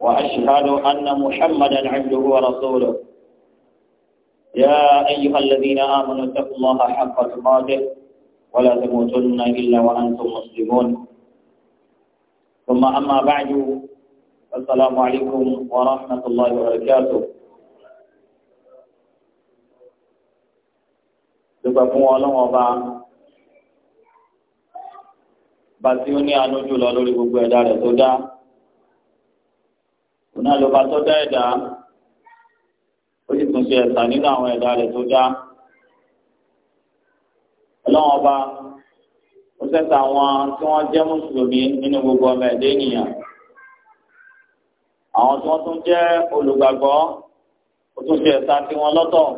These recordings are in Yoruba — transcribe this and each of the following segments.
وأشهد أن محمدا عبده ورسوله يا أيها الذين آمنوا اتقوا الله حق تقاته ولا تموتن إلا وأنتم مسلمون ثم أما بعد السلام عليكم ورحمة الله وبركاته dúpẹ́ fún ọlọ́wọ́n bá tí ó ní àánú jùlọ lórí gbogbo ẹ̀dá rẹ̀ tó dá náà ló bá tó dá ẹ̀dá ó sì tún ṣe ẹ̀sà nínú àwọn ẹ̀dá rẹ̀ tó dá ọlọ́wọ́n ọba ó sẹ́sà àwọn tí wọ́n jẹ́ mùsùlùmí nínú gbogbo ọmọ ẹ̀dá ènìyàn àwọn tí wọ́n tún jẹ́ olùgbàgbọ́ ó tún ṣe ẹ̀sà tiwọn lọ́tọ̀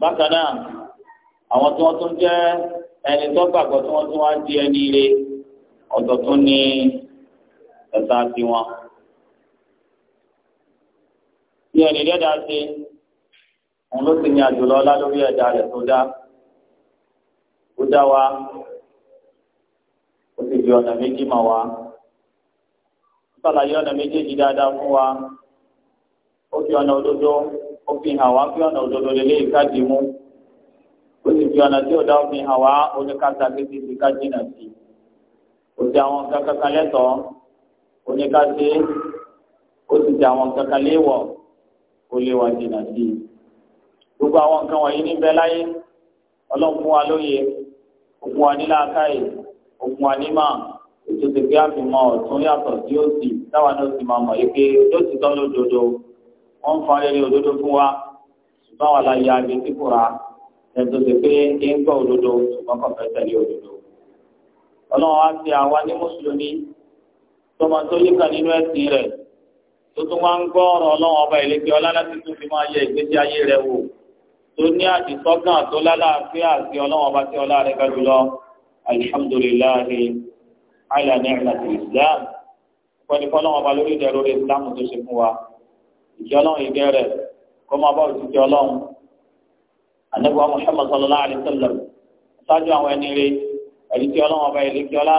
bákan náà àwọn tí wọ́n tún jẹ́ ẹni tó gbàgbọ́ tí wọ́n tún wá di ẹni ire ọ̀tọ̀ tún ní ẹ̀sà tiwọn tí ẹni dẹ́dá ṣe òun ló sì ní àjùlọ ọlá lórí ẹ̀dá rẹ̀ tó dá ó dá wa ó sì fi ọ̀nà méjì mọ̀ wá sàlàyé ọ̀nà méjèèjì dáadáa fún wa ó fi ọ̀nà òdodo ó fi hàn wá fi ọ̀nà òdodo lè léyìí káàdì mú ó sì fi ọ̀nà tí ò dá ó fi hàn wá oníkàtà kékeré káàdì náà sí ó ti àwọn kankan lẹ́tọ̀ọ́ oníkàtà ó sì ti àwọn kankan léwọ̀ọ́ kó lé wa jìnnà sí i gbogbo àwọn nǹkan wọ̀nyí níbẹ̀ láyé ọlọ́run fún wa lóye ó fún wa nílá káyè ó fún wa nímà ètò tètè àfihàn ọ̀tún yàtọ̀ tí ó sì táwa náà sì máa mọ̀ yìí pé yóò ti tọ́ lódodo wọ́n ń fa rere òdodo fún wa ṣùgbọ́n wà láyé abẹ tí kò ra ẹ̀tọ́ ń gbọ́ òdodo ṣùgbọ́n kò fẹ́ tẹ̀lé òdodo. ọlọ́run á ti àwa ní mùsùlùmí tọmọ tó yíkan nínú ẹ̀sìn rẹ̀ tó tún wá ń gbọ́ ọ̀rọ̀ ọlọ́run ọba ìlẹ́gbẹ́ ọlá láti tún fi máa yẹ ìgbésí ayé rẹ̀ wò tó ní àdìsọ́gàn tó lálàáfíà sí ọlọ́run ọba tí ọlá rẹ̀ gbẹ́rù lọ alihamudulilayi ala ni'mati islam wọ́n ní fọlọ́run ọba lórí ìdẹ̀rù rẹ̀ islam tó ṣe fún wa ìjẹ́ ọlọ́run ìgẹ́ rẹ̀ kó máa bá òṣìṣẹ́ ọlọ́run anabi wa muhammad sallallahu alayhi àwọn ẹni rẹ̀ ẹni ọlọ́run ọba ìlẹ́gbẹ́ ọlá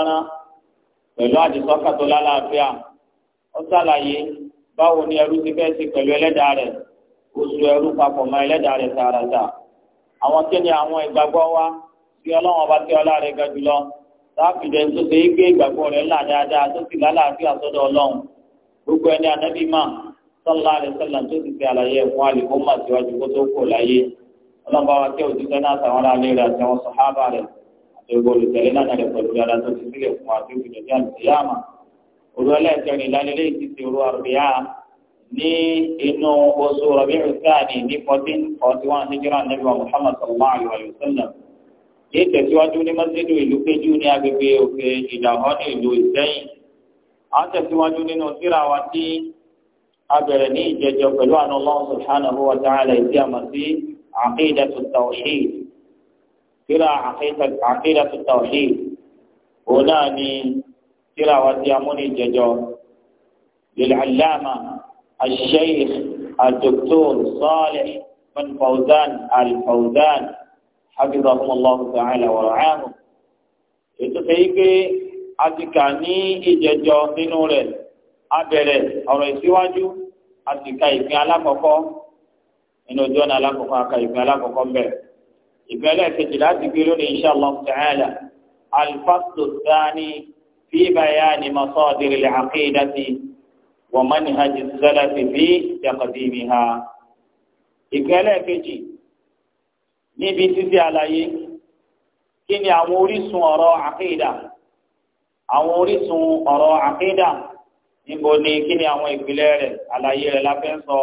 báwo ni ẹrú ti fẹ́ẹ́ ṣe pẹ̀lú ẹlẹ́dàá rẹ̀ oṣù ẹrú papọ̀ mọ́ ẹlẹ́dàá rẹ̀ tààràtà àwọn tí àwọn ìgbàgbọ́ wa tí tí ọlá rẹ̀ ga jùlọ láàfìdẹ́ tó ṣe é gbé ìgbàgbọ́ rẹ̀ ńlá dáadáa tó sì lálàáfíà sọ́dọ̀ gbogbo ẹni ànábì mà sọ́lá rẹ̀ sọ́lá tó ti àlàyé mà síwájú kó tó kò láyé òru ẹlẹ́ẹ̀kẹrin ìdánilé yìí ti ti ru àrùbíyá ní inú oṣù rọ̀bí ìsáàdì ní fourteen forty one hijrah nabi wa muhammad sallallahu alayhi wa sallam yìí tẹ̀síwájú ní masjidu ìlú kejì ní agbègbè òkè ìdàhọ́ ìlú ìsẹ́yìn a tẹ̀síwájú nínú síra wa tí a ní ìjẹjọ pẹ̀lú àna allah subhanahu wa ta'ala ìdí àmà sí síra aqidatu òun náà ni tíra wa tí a mú ní ìjẹjọ lil'allama al-sheikh al-doktor salih bin fawzan al-fawzan hafizahumullahu ta'ala wa ra'ahu ètò tẹ́ yí pé a ti kà ní ìjẹjọ nínú rẹ̀ abẹ̀rẹ̀ ọ̀rọ̀ ìsíwájú a ti ka ìpín alákọ̀ọ́kọ́ nínú ojú ọ̀nà alákọ̀ọ́kọ́ a ka ìpín alákọ̀ọ́kọ́ ń bẹ̀. ta'ala al-faslu thani. في بيان مصادر العقيدة ومنهج السلف في تقديمها ìkẹlẹ kejì níbi títí àlàyé kí ni àwọn orísun ọ̀rọ̀ àkéèdà àwọn orísun ọ̀rọ̀ àkéèdà níbo ni kí ni àwọn ìpìlẹ̀ rẹ̀ àlàyé rẹ̀ la fẹ́ sọ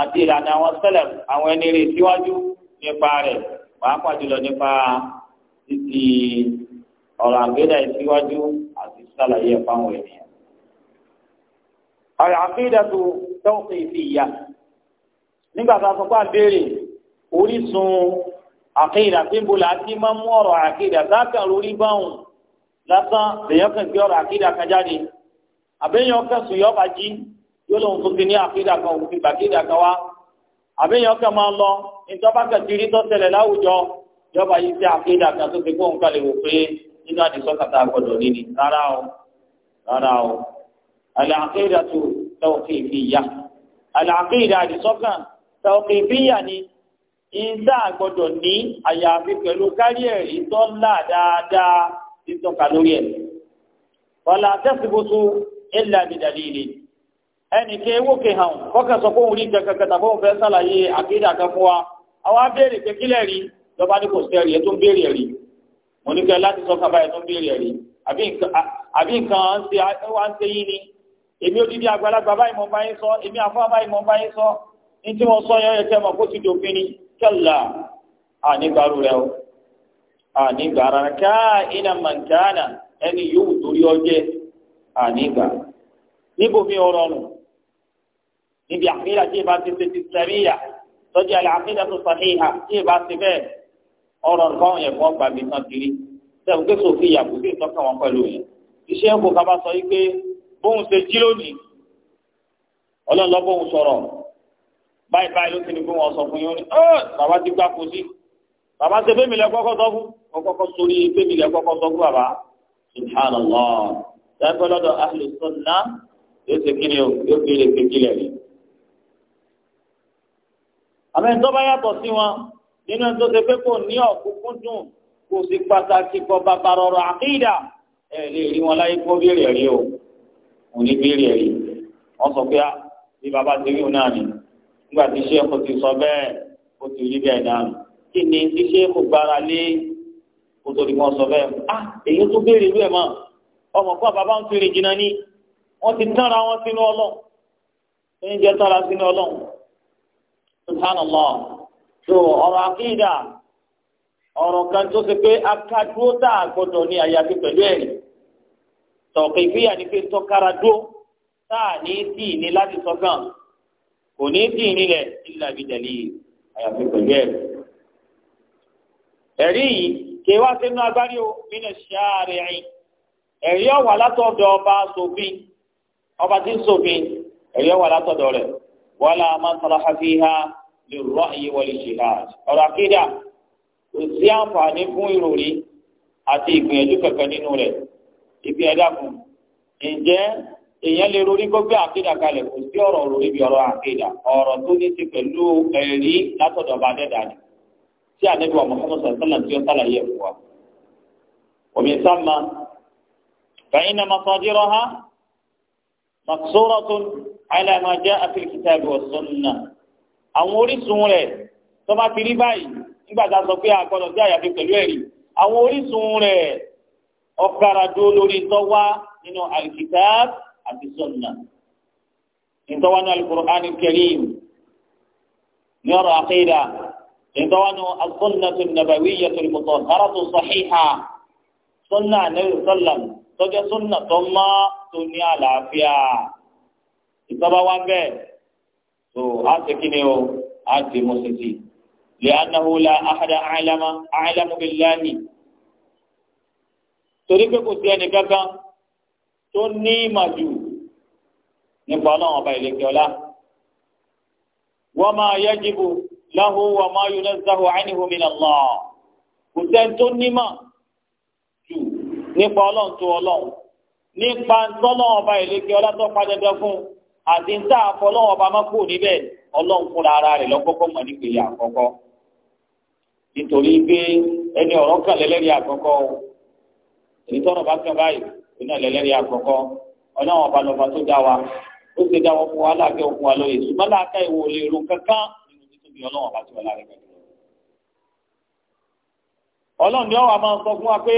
àti ìlànà àwọn sẹlẹ àwọn ẹni rẹ̀ síwájú nípa rẹ̀ pàápàá jùlọ nípa títí ọ̀rọ̀ àkéèdà ìsíwájú sàlàyé fáwọn ènìyàn. al-aqidatu tawqifiyya nígbà tá a sọ pé àbẹ̀rẹ̀ orísun àkìdá tí mo là á máa mú ọ̀rọ̀ àkìdá dákà lórí báwọn lásán lèyàn kan gbé ọ̀rọ̀ àkìdá kan jáde àbẹ̀yàn kan sùn yọba jí yóò lóun tó ti ní àkìdá kan òun ti gbàkìdá kan wá àbẹ̀yàn kan máa lọ ìjọba kan ti rí tó ṣẹlẹ̀ láwùjọ yọba yìí sí àkìdá kan tó ti kó nǹkan lè wò pé nínú àdìsọ́kàtà gbọ́dọ̀ níní rárá o rárá o àlàkéèdà tó tawqifiyya àlàkéèdà àdìsọ́kàn tawqifiyya ni ìdá gbọ́dọ̀ ní àyàfi pẹ̀lú kárí ẹ̀rí tó ńlá dáadáa ti tọ́ka lórí ẹ̀ wàlà tẹ́sibútú illa bi dalili ẹnì kí ewu kì hàn kọ́kẹ́ sọ fún orí kankan tàbí òun fẹ́ sàlàyé àkéèdà kan fún wa àwọn abéèrè pé kílẹ̀ rí lọ́ba ní mo ní kẹ́ láti sọ kábàá ẹ̀ tó ń béèrè rí àbí nǹkan wá ń ṣe yín ni èmi odidi àgbàlagbà báyìí mo bá yín sọ èmi àfọ báyìí mo bá yín sọ ní tí wọ́n sọ yẹn yẹ kẹ́ mọ̀ kó ti dòfin ni kẹ́là ànígbàrú rẹ o ànígbàrá ká iná màǹkánà ẹni yóò torí ọjẹ́ ànígbà níbo mi ọ̀rọ̀ nù níbi àfihàn tí ì bá ti ṣe ti sẹ́ríyà tọ́jú àlàáfíà tó sàhíhà tí ì bá ti bẹ́ẹ̀ ọ̀rọ̀ nǹkan yẹn fún ọgbà mi kan kiri sẹ́wọ́n pé sòfin ìyàwó sí ìtọ́ka wọn pẹ̀lú yẹn iṣẹ́ kò kaba sọ yìí pé bóun ṣe jí lónìí ọlọ́run lọ́ bóun sọ̀rọ̀ báyìí báyìí ló ti ní bóun ọ̀sọ̀ fún yín ó ní ọ́ bàbá ti gbá kó sí bàbá ṣe fẹ́mi lẹ kọ́kọ́ sọ fún ọkọ́kọ́ sórí fẹ́mi lẹ kọ́kọ́ sọ fún bàbá subhanallah dáńpẹ́ lọ́dọ̀ ahlu sunnah yóò ṣe kíni o yóò fi lè ṣe kílẹ̀ rí. àmì ìtọ́ bá yàtọ̀ nínú tó ṣe pé kò ní ọ̀kúnkún dùn kò sí pàtàkì kọ bàbá rọrọ àkídà ẹ lè rí wọn láyé kó béèrè ẹ̀rí o kò ní béèrè ẹ̀rí wọn sọ pé ah, bí bàbá ti rí òun náà ni nígbà tí sẹ́kù ti sọ bẹ́ẹ̀ kó ti rí bẹ́ẹ̀ náà kí ni tí sẹ́kù gbára lé kó tó di wọn sọ bẹ́ẹ̀ ah èyí tó béèrè ìlú ẹ̀ mọ́ ọmọ kan bàbá ń fèrè jìnnà ni wọ́n ti tánra wọn sínú ọlọ́run ń jẹ́ tánra sínú ọlọ́run subhanallah. tó ọ̀rọ̀ àkídà ọ̀rọ̀ kan tó ṣe pé akadúró tá a gbọdọ̀ ní àyàfi pẹ̀lú ẹ̀rí tọ̀kì ìfìyà ni pé tọ́kára dó tá a ní tì ní láti sọ́gàn kò ní tì nílẹ̀ nílẹ̀ àbíjẹ̀lì àyàfi pẹ̀lú ẹ̀rí. ẹ̀rí yìí wá sínú agbárí o nínú ṣáàrẹ̀ ẹ̀yìn ẹ̀rí ọ̀wà látọ̀dọ̀ ọba ṣòfin ọba tí ń ṣòfin ẹ̀rí ọ̀wà látọ̀dọ̀ rẹ̀ wala man hafi fiha lè rọ àyè wọlé jihad ọ̀rọ̀ akéda kò sí àǹfààní fún ìròrí àti ìgbìyànjú kankan nínú rẹ̀ ibi ẹ̀dá kun ǹjẹ́ èèyàn lè rori kó gbé àkéda kalẹ̀ kò sí ọ̀rọ̀ rori bí ọ̀rọ̀ àkéda ọ̀rọ̀ tó ní ti pẹ̀lú ẹ̀rí látọ̀dọ̀ ọba dẹ́dà ni tí ànábì wa Muhammad sallam tí ó sàlàyé fún wa. omi sáma fàyínà masadiro ha maksuratun ala ma jaa fil kitabi wa àwọn orísun rẹ̀ tó bá ti rí báyìí nígbà tá a sọ pé a gbọ́dọ̀ sí àyàfi pẹ̀lú ẹ̀rí àwọn orísun rẹ̀ ọ̀kàrà dúró lórí tọ́wá nínú al-kitab àti sunnah ìtọ́wá ní al-Qur'an al-Karim ní ọ̀rọ̀ àkéèdà ìtọ́wá ní as-sunnah an-nabawiyyah al-mutahharah as-sahihah sunnah Nabi sallam tọ́jọ́ sunnah tó mọ́ tó ní àlàáfíà ìtọ́ba wá bẹ́ẹ̀ so a ṣe kí ni o a ṣe mú sí sí li'annahu la ahada a'lama a'lamu billahi torí pé kò sí ẹnì kankan tó ní ìmọ̀ jù nípa ọlọ́run ọba ìlẹ́kẹ̀ ọlá wa ma yajibu lahu wa ma yunazzahu anhu min Allah kò sẹ́ni tó nímọ̀ jù nípa ọlọ́run tó ọlọ́run nípa ntọ́lọ́run ọba ìlẹ́kẹ̀ ọlá tó padà dẹ́ àti ń tà fọlọ́wọ́n ọba má kúrò níbẹ̀ ọlọ́run fúnra ara rẹ̀ lọ́kọ́kọ́ mọ̀ nípele àkọ́kọ́ nítorí pé ẹni ọ̀rọ̀ kan lẹ́lẹ́rìí àkọ́kọ́ èyí tọ́rọ̀ bá kàn báyìí iná lẹ́lẹ́rìí àkọ́kọ́ ọlọ́run ọba lọ́ba tó dá wa ó ṣe dá wọn fún wa láàkẹ́ òkun wa lóye ṣùgbọ́n láàkà ìwò lè kankan nínú títóbi ọlọ́run ọba tí wọ́n lára rẹ̀ ọlọ́run ni ọwọ́ a máa sọ fún wa pé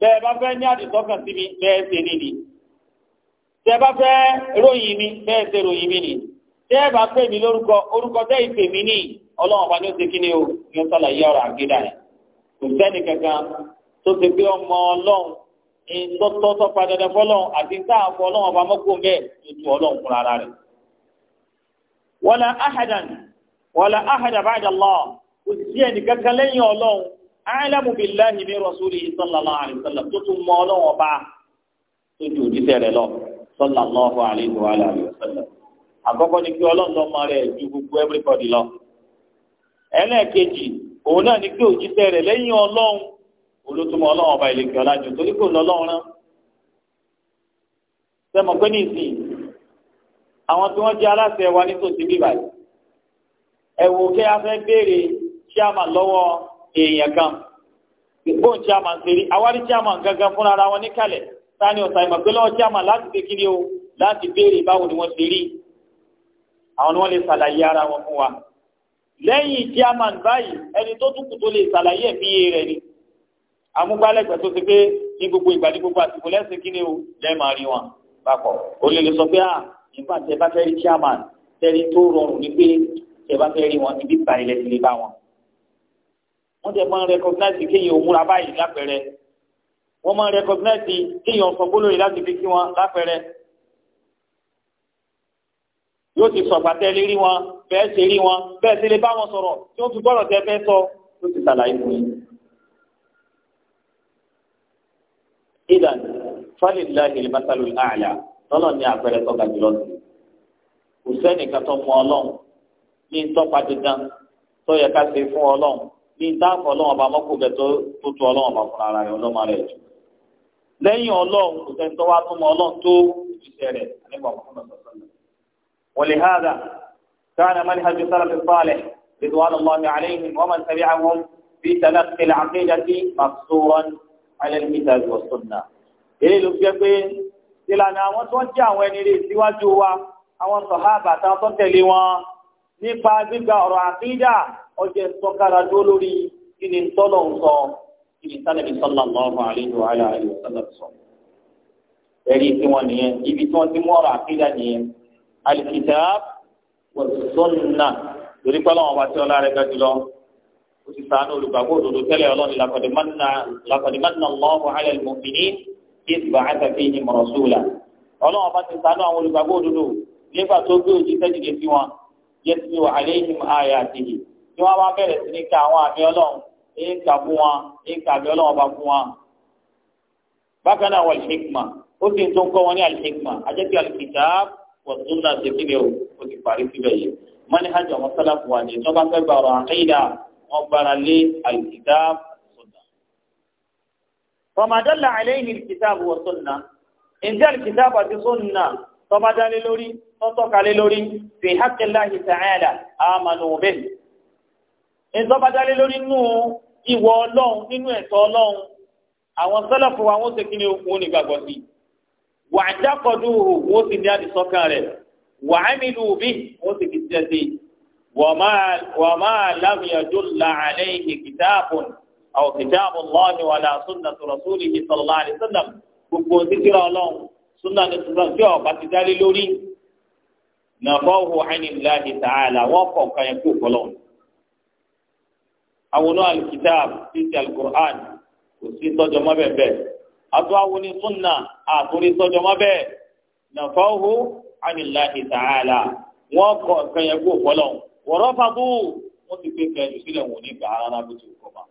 bẹ́ẹ̀ bá fẹ́ ní àdìsọ́kàn sí bẹ́ẹ̀ ṣe nídìí tẹ́ bá fẹ́ ròyìn mi bẹ́ẹ̀ ṣe ròyìn mi nì tẹ́ pè mí lórúkọ orúkọ tẹ́ ìpè mí nì ọlọ́run ní ni o ní ó sọ̀lá ọ̀rọ̀ àgbéda yẹn kò sẹ́ni ọmọ ọlọ́run ìtọ́tọ́tọ́ padàdà fọlọ́run àti sáà fọ ọlọ́run ọba bẹ́ẹ̀ tó tu sallallahu alaihi wa alihi wasallam àkọ́kọ́ ni kí Ọlọ́run lọmọ rẹ̀ ju gbogbo everybody lọ ẹlẹ́ẹ̀kejì òun náà ni kí òjíṣẹ́ rẹ̀ lẹ́yìn Ọlọ́run olótùmọ̀ Ọlọ́run ọba ìlẹ̀kẹ̀ ọlájú torí kò lọ Ọlọ́run rán sẹmọ pé ní ìsìn àwọn tí wọ́n jẹ́ aláṣẹ wa nítòsí bíbá yìí ẹwò kí a fẹ́ béèrè chairman lọ́wọ́ èèyàn kan bóun chairman ṣe rí àwárí chairman gangan fúnra ara wọn níkàlẹ̀ sani ọ̀sán ìmọ̀ pé lọ́wọ́ chairman láti ṣe kí ni o láti béèrè báwo ni wọ́n ṣe rí àwọn ni wọ́n lè ṣàlàyé ara wọn fún wa lẹ́yìn chairman báyìí ẹni tó túkù tó lè ṣàlàyé ẹ̀mí rẹ̀ ni amúgbálẹ́gbẹ̀ẹ́ tó ṣe pé ní gbogbo ìgbà ní gbogbo àsìkò lẹ́sìn kí ni o lẹ́ẹ̀ máa rí wọn papọ̀ o lè lè sọ pé ah nígbà tẹ bá fẹ́ rí chairman tẹ́ni tó rọrùn ni pé tẹ bá fẹ́ rí wọn ibi ìbànilẹ̀ ti lè bá wọn. wọ́n jẹ́ mọ́ rẹ́kọ̀gnáìsì kéèyàn òmùra báyìí lápẹ̀rẹ̀ wọ́n máa rẹ́kọ̀gínẹ́sì kéèyàn sọ gbólóyè láti fi kí wọn lápẹ̀rẹ̀ yóò ti sọ pàtẹ́ lérí wọn bẹ́ẹ̀ ṣe rí wọn bẹ́ẹ̀ ṣe lè bá wọn sọ̀rọ̀ tí wọ́n fi gbọ́dọ̀ tẹ́ fẹ́ sọ yóò ti ṣàlàyé fún yín. idan falilahi limasalu ala lọ́nà ní àpẹẹrẹ tọ́ka jùlọ sí kò sẹ́nìkan tó mọ ọlọ́run ní tọ́pa dídán tó yẹ ká ṣe fún ọlọ́run ní dáàbò ọlọ́run ọba mọ́kò bẹ̀ tó tó ọlọ́run ọba fúnra rẹ̀ ọlọ́run rẹ̀ jù lẹ́yìn ọlọ́run kò sẹ́ni tó wá tó mọ ọlọ́run tó ìṣẹ̀ rẹ̀ nípa ọ̀pọ̀lọpọ̀ sọ́sọ́nà. wọlé hàdà káàdà mọ́ni hajj sára fi fàlẹ̀ lẹ́tọ̀ wà lọ́wọ́ mi àlẹ́yìn wọ́n máa ń tẹ̀lé àwọn bí tẹ̀lé kẹlẹ̀ àkéjà sí màsúrán alẹ́nìkìtà ìwọ̀sọ̀nà. èyí ló jẹ́ pé ìlànà àwọn tó ń jẹ́ àwọn ẹni rè síwájú wa àwọn sàhábà táwọn tó tẹ̀lé wọn nípa gbígba ọ̀rọ̀ àkéjà ọjọ́ ìsọ̀kára dúró lórí kí tọ́lọ̀ ń ibi sálẹ̀bí sọ́lá lọ́rùn àlejò àlà àlejò sọ́lá sọ. ẹ̀rí tí wọ́n nìyẹn ibi tí wọ́n ti mú ọ̀rọ̀ àkídà nìyẹn al-kitab wa sunnah torí pé ọlọ́run wa ti ọlá rẹ̀ gẹ́gẹ́ lọ ó ti sàánú olùgbàgbọ́ òdodo tẹ́lẹ̀ ọlọ́run laqad manna laqad manna Allahu ala al-mu'minin idh ba'atha fihim ọlọ́run ọba ti ṣàánú àwọn olùgbàgbọ́ ìka fún wa ìka àbí ọlọ́wọ́n bá fún wa. bákan náà wal hikma ó sì ń tó ń kọ́ wọn ní al hikma àjẹpẹ́ al kitab wa sunna ṣe kí ni o ó ti parí síbẹ̀ yìí. mọ́ni hajj ọmọ sálàfù wa ni tí wọ́n bá fẹ́ gbà ọ̀rọ̀ àkéyìdá wọ́n gbára lé al kitab sunna. famadalla alayhi al kitab wa sunna ǹjẹ́ al ìtọ́badálé lórí nínú ìwọ ọlọ́run nínú ẹ̀tọ́ ọlọ́run àwọn sọ́lọ́fù àwọn oṣù kìíní òkun nígbàgbọ́ sí wà á jákọ̀dú òwò sì ní àdìsọ́kàn rẹ̀ wà á mi lù bí òun sì fi tiẹ̀ sí wà máa lámìyàjú là àlẹ́ ìhè kìtàbùn àwọn kìtàbùn lọ́ọ̀ni wà láà súnà tòrọ̀sùnì ìsọ̀lá àdìsọ́nà gbogbo títírà ọlọ́run súnà ní tuntun tí ọ̀pá ti dálé lórí nàfọ́hù àìníláàdì tààlà àwọn alikitab títí alukur'an kò sí tọjọ mọ bẹ́ẹ̀ bẹ́ẹ̀ àti àwọn ní sunna àtúrí tọjọ mọ bẹ́ẹ̀ nàfọwọ anillahi ta'ala wọn kọ kẹyẹ kó fọlọ wọrọ fàbú wọn ti pè kẹyẹ sílẹ̀ wọn ní gbàrà náà bí tó kọ ma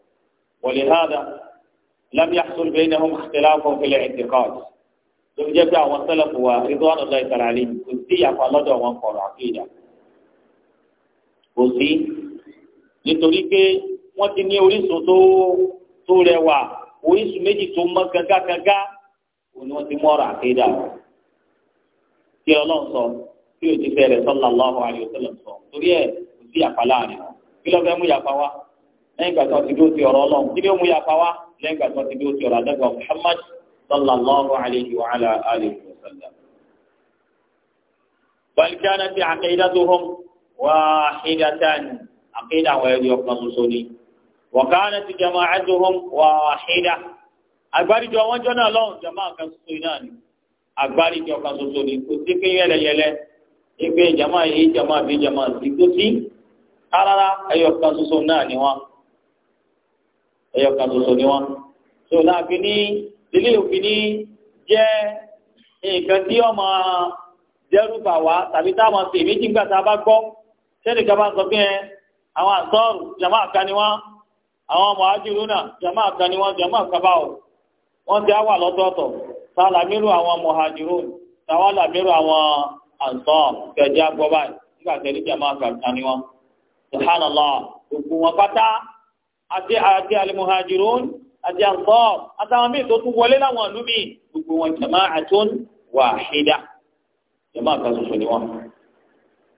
wọlé hàdà lam yahsul bainahum ikhtilafun fil i'tiqad tó fi jẹ pé àwọn sẹlẹfù wa ridwanullahi ta'ala alayhim kò sí yàtọ̀ lọ́dọ̀ wọn kọrọ àkéjà kò sí nítorí pé wọ́n ti ní orísun tó tó rẹwà orísun méjì tó mọ́ gágágágá òun ni wọ́n ti mọ́ra àkéda kí ọlọ́run sọ kí o ti fẹ́rẹ̀ sallallahu alaihi wasallam sọ torí ẹ̀ kò sí àpá láàrin kí ló fẹ́ mú yàpá wá lẹ́yìn ìgbà tó ti dúró ti ọ̀rọ̀ ọlọ́run kí ló mú yàpá wá lẹ́yìn ìgbà tó ti dúró ti ọ̀rọ̀ àdẹ́gbà Muhammad sallallahu alaihi wa ala alihi wasallam. bal kanat aqidatuhum wahidatan àkéda àwọn ẹ̀rí ọkàn wọ̀kánà ti jẹ́ máa ẹ́dùnrún wàhídà àgbáríjọ wọn jọ náà lọ́hùn jẹ́ máa kan soso náà ni àgbáríjọ kan soso ni kò sí pé yẹlẹyẹlẹ ìpè jama yìí jama bí jama sí kò sí rárá ẹyọ kan soso náà ni wọn ẹyọ kan soso ni wọn tó láàfin ní ilé òfin ní jẹ́ nǹkan tí ọmọ dẹ́rù wá tàbí táwọn ṣèméjì ńgbà tá a bá gbọ́ sẹ́nìkan bá sọ pé àwọn àtọ́rù jama kan àwọn mọ̀hájúrúnà jama kan ni wọ́n jama kaba o wọ́n ti wà lọ́tọ̀ọ̀tọ̀ ta làmírù àwọn mọ̀hájúrún tàwa làmírù àwọn àǹsọ̀ kẹjá gbọ́ báyìí nígbà tẹ̀lé jama kan ni wọ́n subhanallah gbogbo wọn pátá àti àti alimuhajirun àti àǹsọ̀ àtàwọn míì tó tún wọlé láwọn ìlú míì gbogbo wọn jama àtún wàhídà jama kan ṣoṣo ni wọn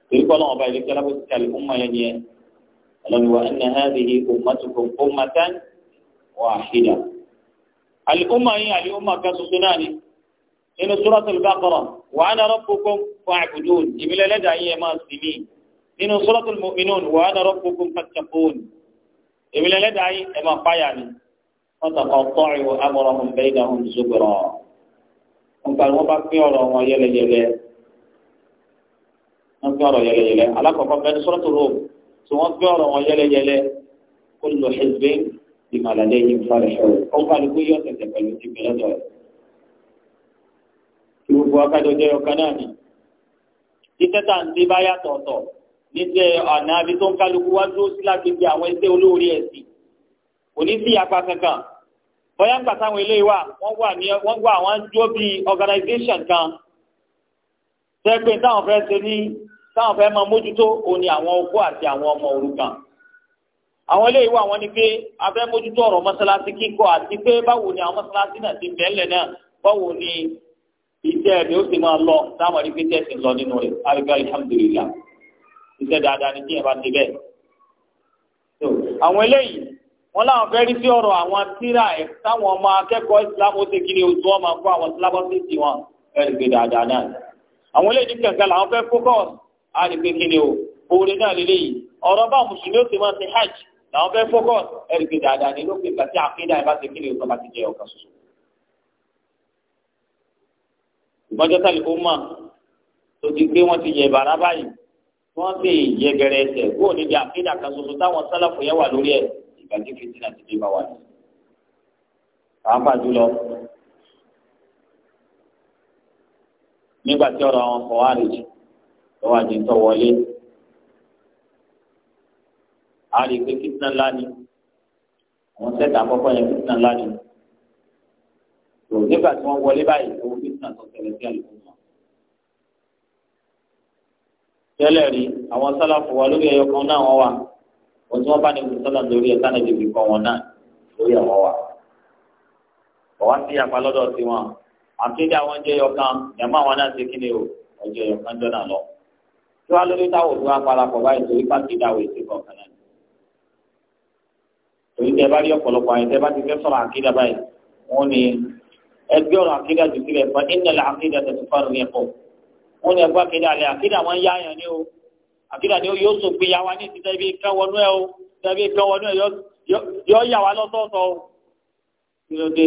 torí kọ́ lọ́wọ́ báyìí lè kí alábòsí ọlọ́run wa ẹnna hàdìhì ummatukum ummatan wàhídà. àlìkùnmá yín àlìkùnmá kan tuntun náà ni nínú suratul baqara wa ana rabbukum fa'budun ìmílẹ̀ lẹ́dà yín ẹ̀ máa sì mí nínú suratul mu'minun wa ana rabbukum fattaqun ìmílẹ̀ lẹ́dà yín ẹ̀ máa fáyà ni wọ́n tàkọ̀ tọ́rì wọ amrahum baynahum zubra nǹkan wọn bá pín ọ̀rọ̀ wọn yẹlẹyẹlẹ wọn pín ọ̀rọ̀ yẹlẹyẹlẹ alákọ̀ọ́kọ́ bẹ́ẹ̀ suratul rum tí wọ́n gbé ọ̀rọ̀ wọn yẹ́lẹ́yẹ́lẹ́ kó lọ ẹgbẹ́ ìmàlàlẹ́ yìí falẹ̀ ṣọ̀rọ̀ ó ń kálukú yọ tẹ̀tẹ̀ pẹ̀lú ìgbẹ́ lọ́dọ̀ rẹ̀. kí gbogbo akájọ jẹ́ ọ̀kan náà ni. títẹ́ tà ń dé bá yàtọ̀ ọ̀tọ̀ níṣẹ́ ọ̀nà àbí tó ń kálukú wá dúró sí láti àwọn iṣẹ́ olóore ẹ̀sìn kò ní sí apá kankan bóyá ń gbà táwọn ilé wa wọ́n wà ní wọ́n wà wọ́n dúró bíi organization kan tẹ́gbẹ́ táwọn fẹ́ ṣe ní táwọn fẹ́ máa mójútó òun ni àwọn opó àti àwọn ọmọ òrukàn àwọn ilé ìwé àwọn ni pé a mójútó ọ̀rọ̀ mọ́sálásí kíkọ́ àti pé báwo ni àwọn mọ́sálásí náà ti bẹ́ẹ̀lẹ̀ náà báwo ni iṣẹ́ rẹ̀ ó sì máa lọ táwọn ẹni pé tẹ̀sí lọ nínú rẹ̀ àríkà alhamdulillah iṣẹ́ dáadáa ni tíyẹn bá ti bẹ́ẹ̀. àwọn eléyìí wọn láwọn fẹ́ rí sí ọ̀rọ̀ àwọn tíra ẹ̀ táwọn ọmọ akẹ́kọ̀ọ́ ìsìlámù ó ti kiri oṣù wọn máa kó àwọn sílábọ́sì tiwọn ẹ̀rí pé dáadáa náà. àwọn eléyìí ní kankan làwọn fẹ́ fókọ̀sì á rí pé kí ni o oore náà lélẹ̀ yìí ọ̀rọ̀ bá mùsùlùmí ó ti máa ṣe hajj làwọn fẹ́ fọ́kọ̀ ẹ̀rí pé dáadáa ni lópin ìgbà tí àkídà ìbá ti kí ni o tọ́ bá ti jẹ ọ̀kan ṣoṣo. ìmọ̀jọ́ tàbí ó mà tó ti gbé wọ́n ti yẹ bàrá báyìí wọ́n sì yẹ bẹ̀rẹ̀ ẹsẹ̀ kó níbi àkídà kan ṣoṣo táwọn sálàfù yẹn wà lórí ẹ̀ ìgbà tí fìtínà ti dé bá wà ní. pàápàá jùlọ nígbà tí ọ̀rọ̀ àwọn kọ̀ wá rèé lọ́wọ́ àti tọ́ wọlé. a lè pe kìtìnà ńlá ni àwọn sẹ́ẹ̀tì àkọ́kọ́ yẹn kìtìnà ńlá ni. tó nígbà tí wọ́n wọlé báyìí owó kìtìnà tó tẹ̀lé sí àlùkò mọ́. tẹ́lẹ̀ rí àwọn sálàfù wa lórí ẹyọ kan náà wọ́n wà wọ́n tí wọ́n bá ní ìbùsọ̀lá lórí ẹ̀ sánà bìbí kan wọn náà lórí àwọn wa. ọ̀wá sí àpá lọ́dọ̀ tiwọn àkéde àwọn jẹ́yọ kan jàmọ́ àwọn náà ṣe kí ni o ọjọ́ ẹ̀yọ jọ náà lọ tí wàá lórí táwọn òdu apalapọ̀ báyìí torí pàtì dáwọ̀ ètò ìbọn kan náà torí tẹ bá rí ọ̀pọ̀lọpọ̀ àyè tẹ bá ti fẹ́ sọ̀rọ̀ àkídà báyìí wọ́n ní ẹgbẹ́ ọ̀rọ̀ àkídà jù sílẹ̀ fún ẹnìyànlẹ̀ àkídà tẹ̀ fún fáwọn ẹ̀kọ́ wọ́n ní ẹgbẹ́ àkídà àlẹ́ àkídà wọn yá yàn ní o àkídà ni yóò sọ pé yàwá ní ìsìtẹ́ ibi kan wọnú ẹ o tẹ̀bí kan wọnú ẹ yọ yà wá o kí ló dé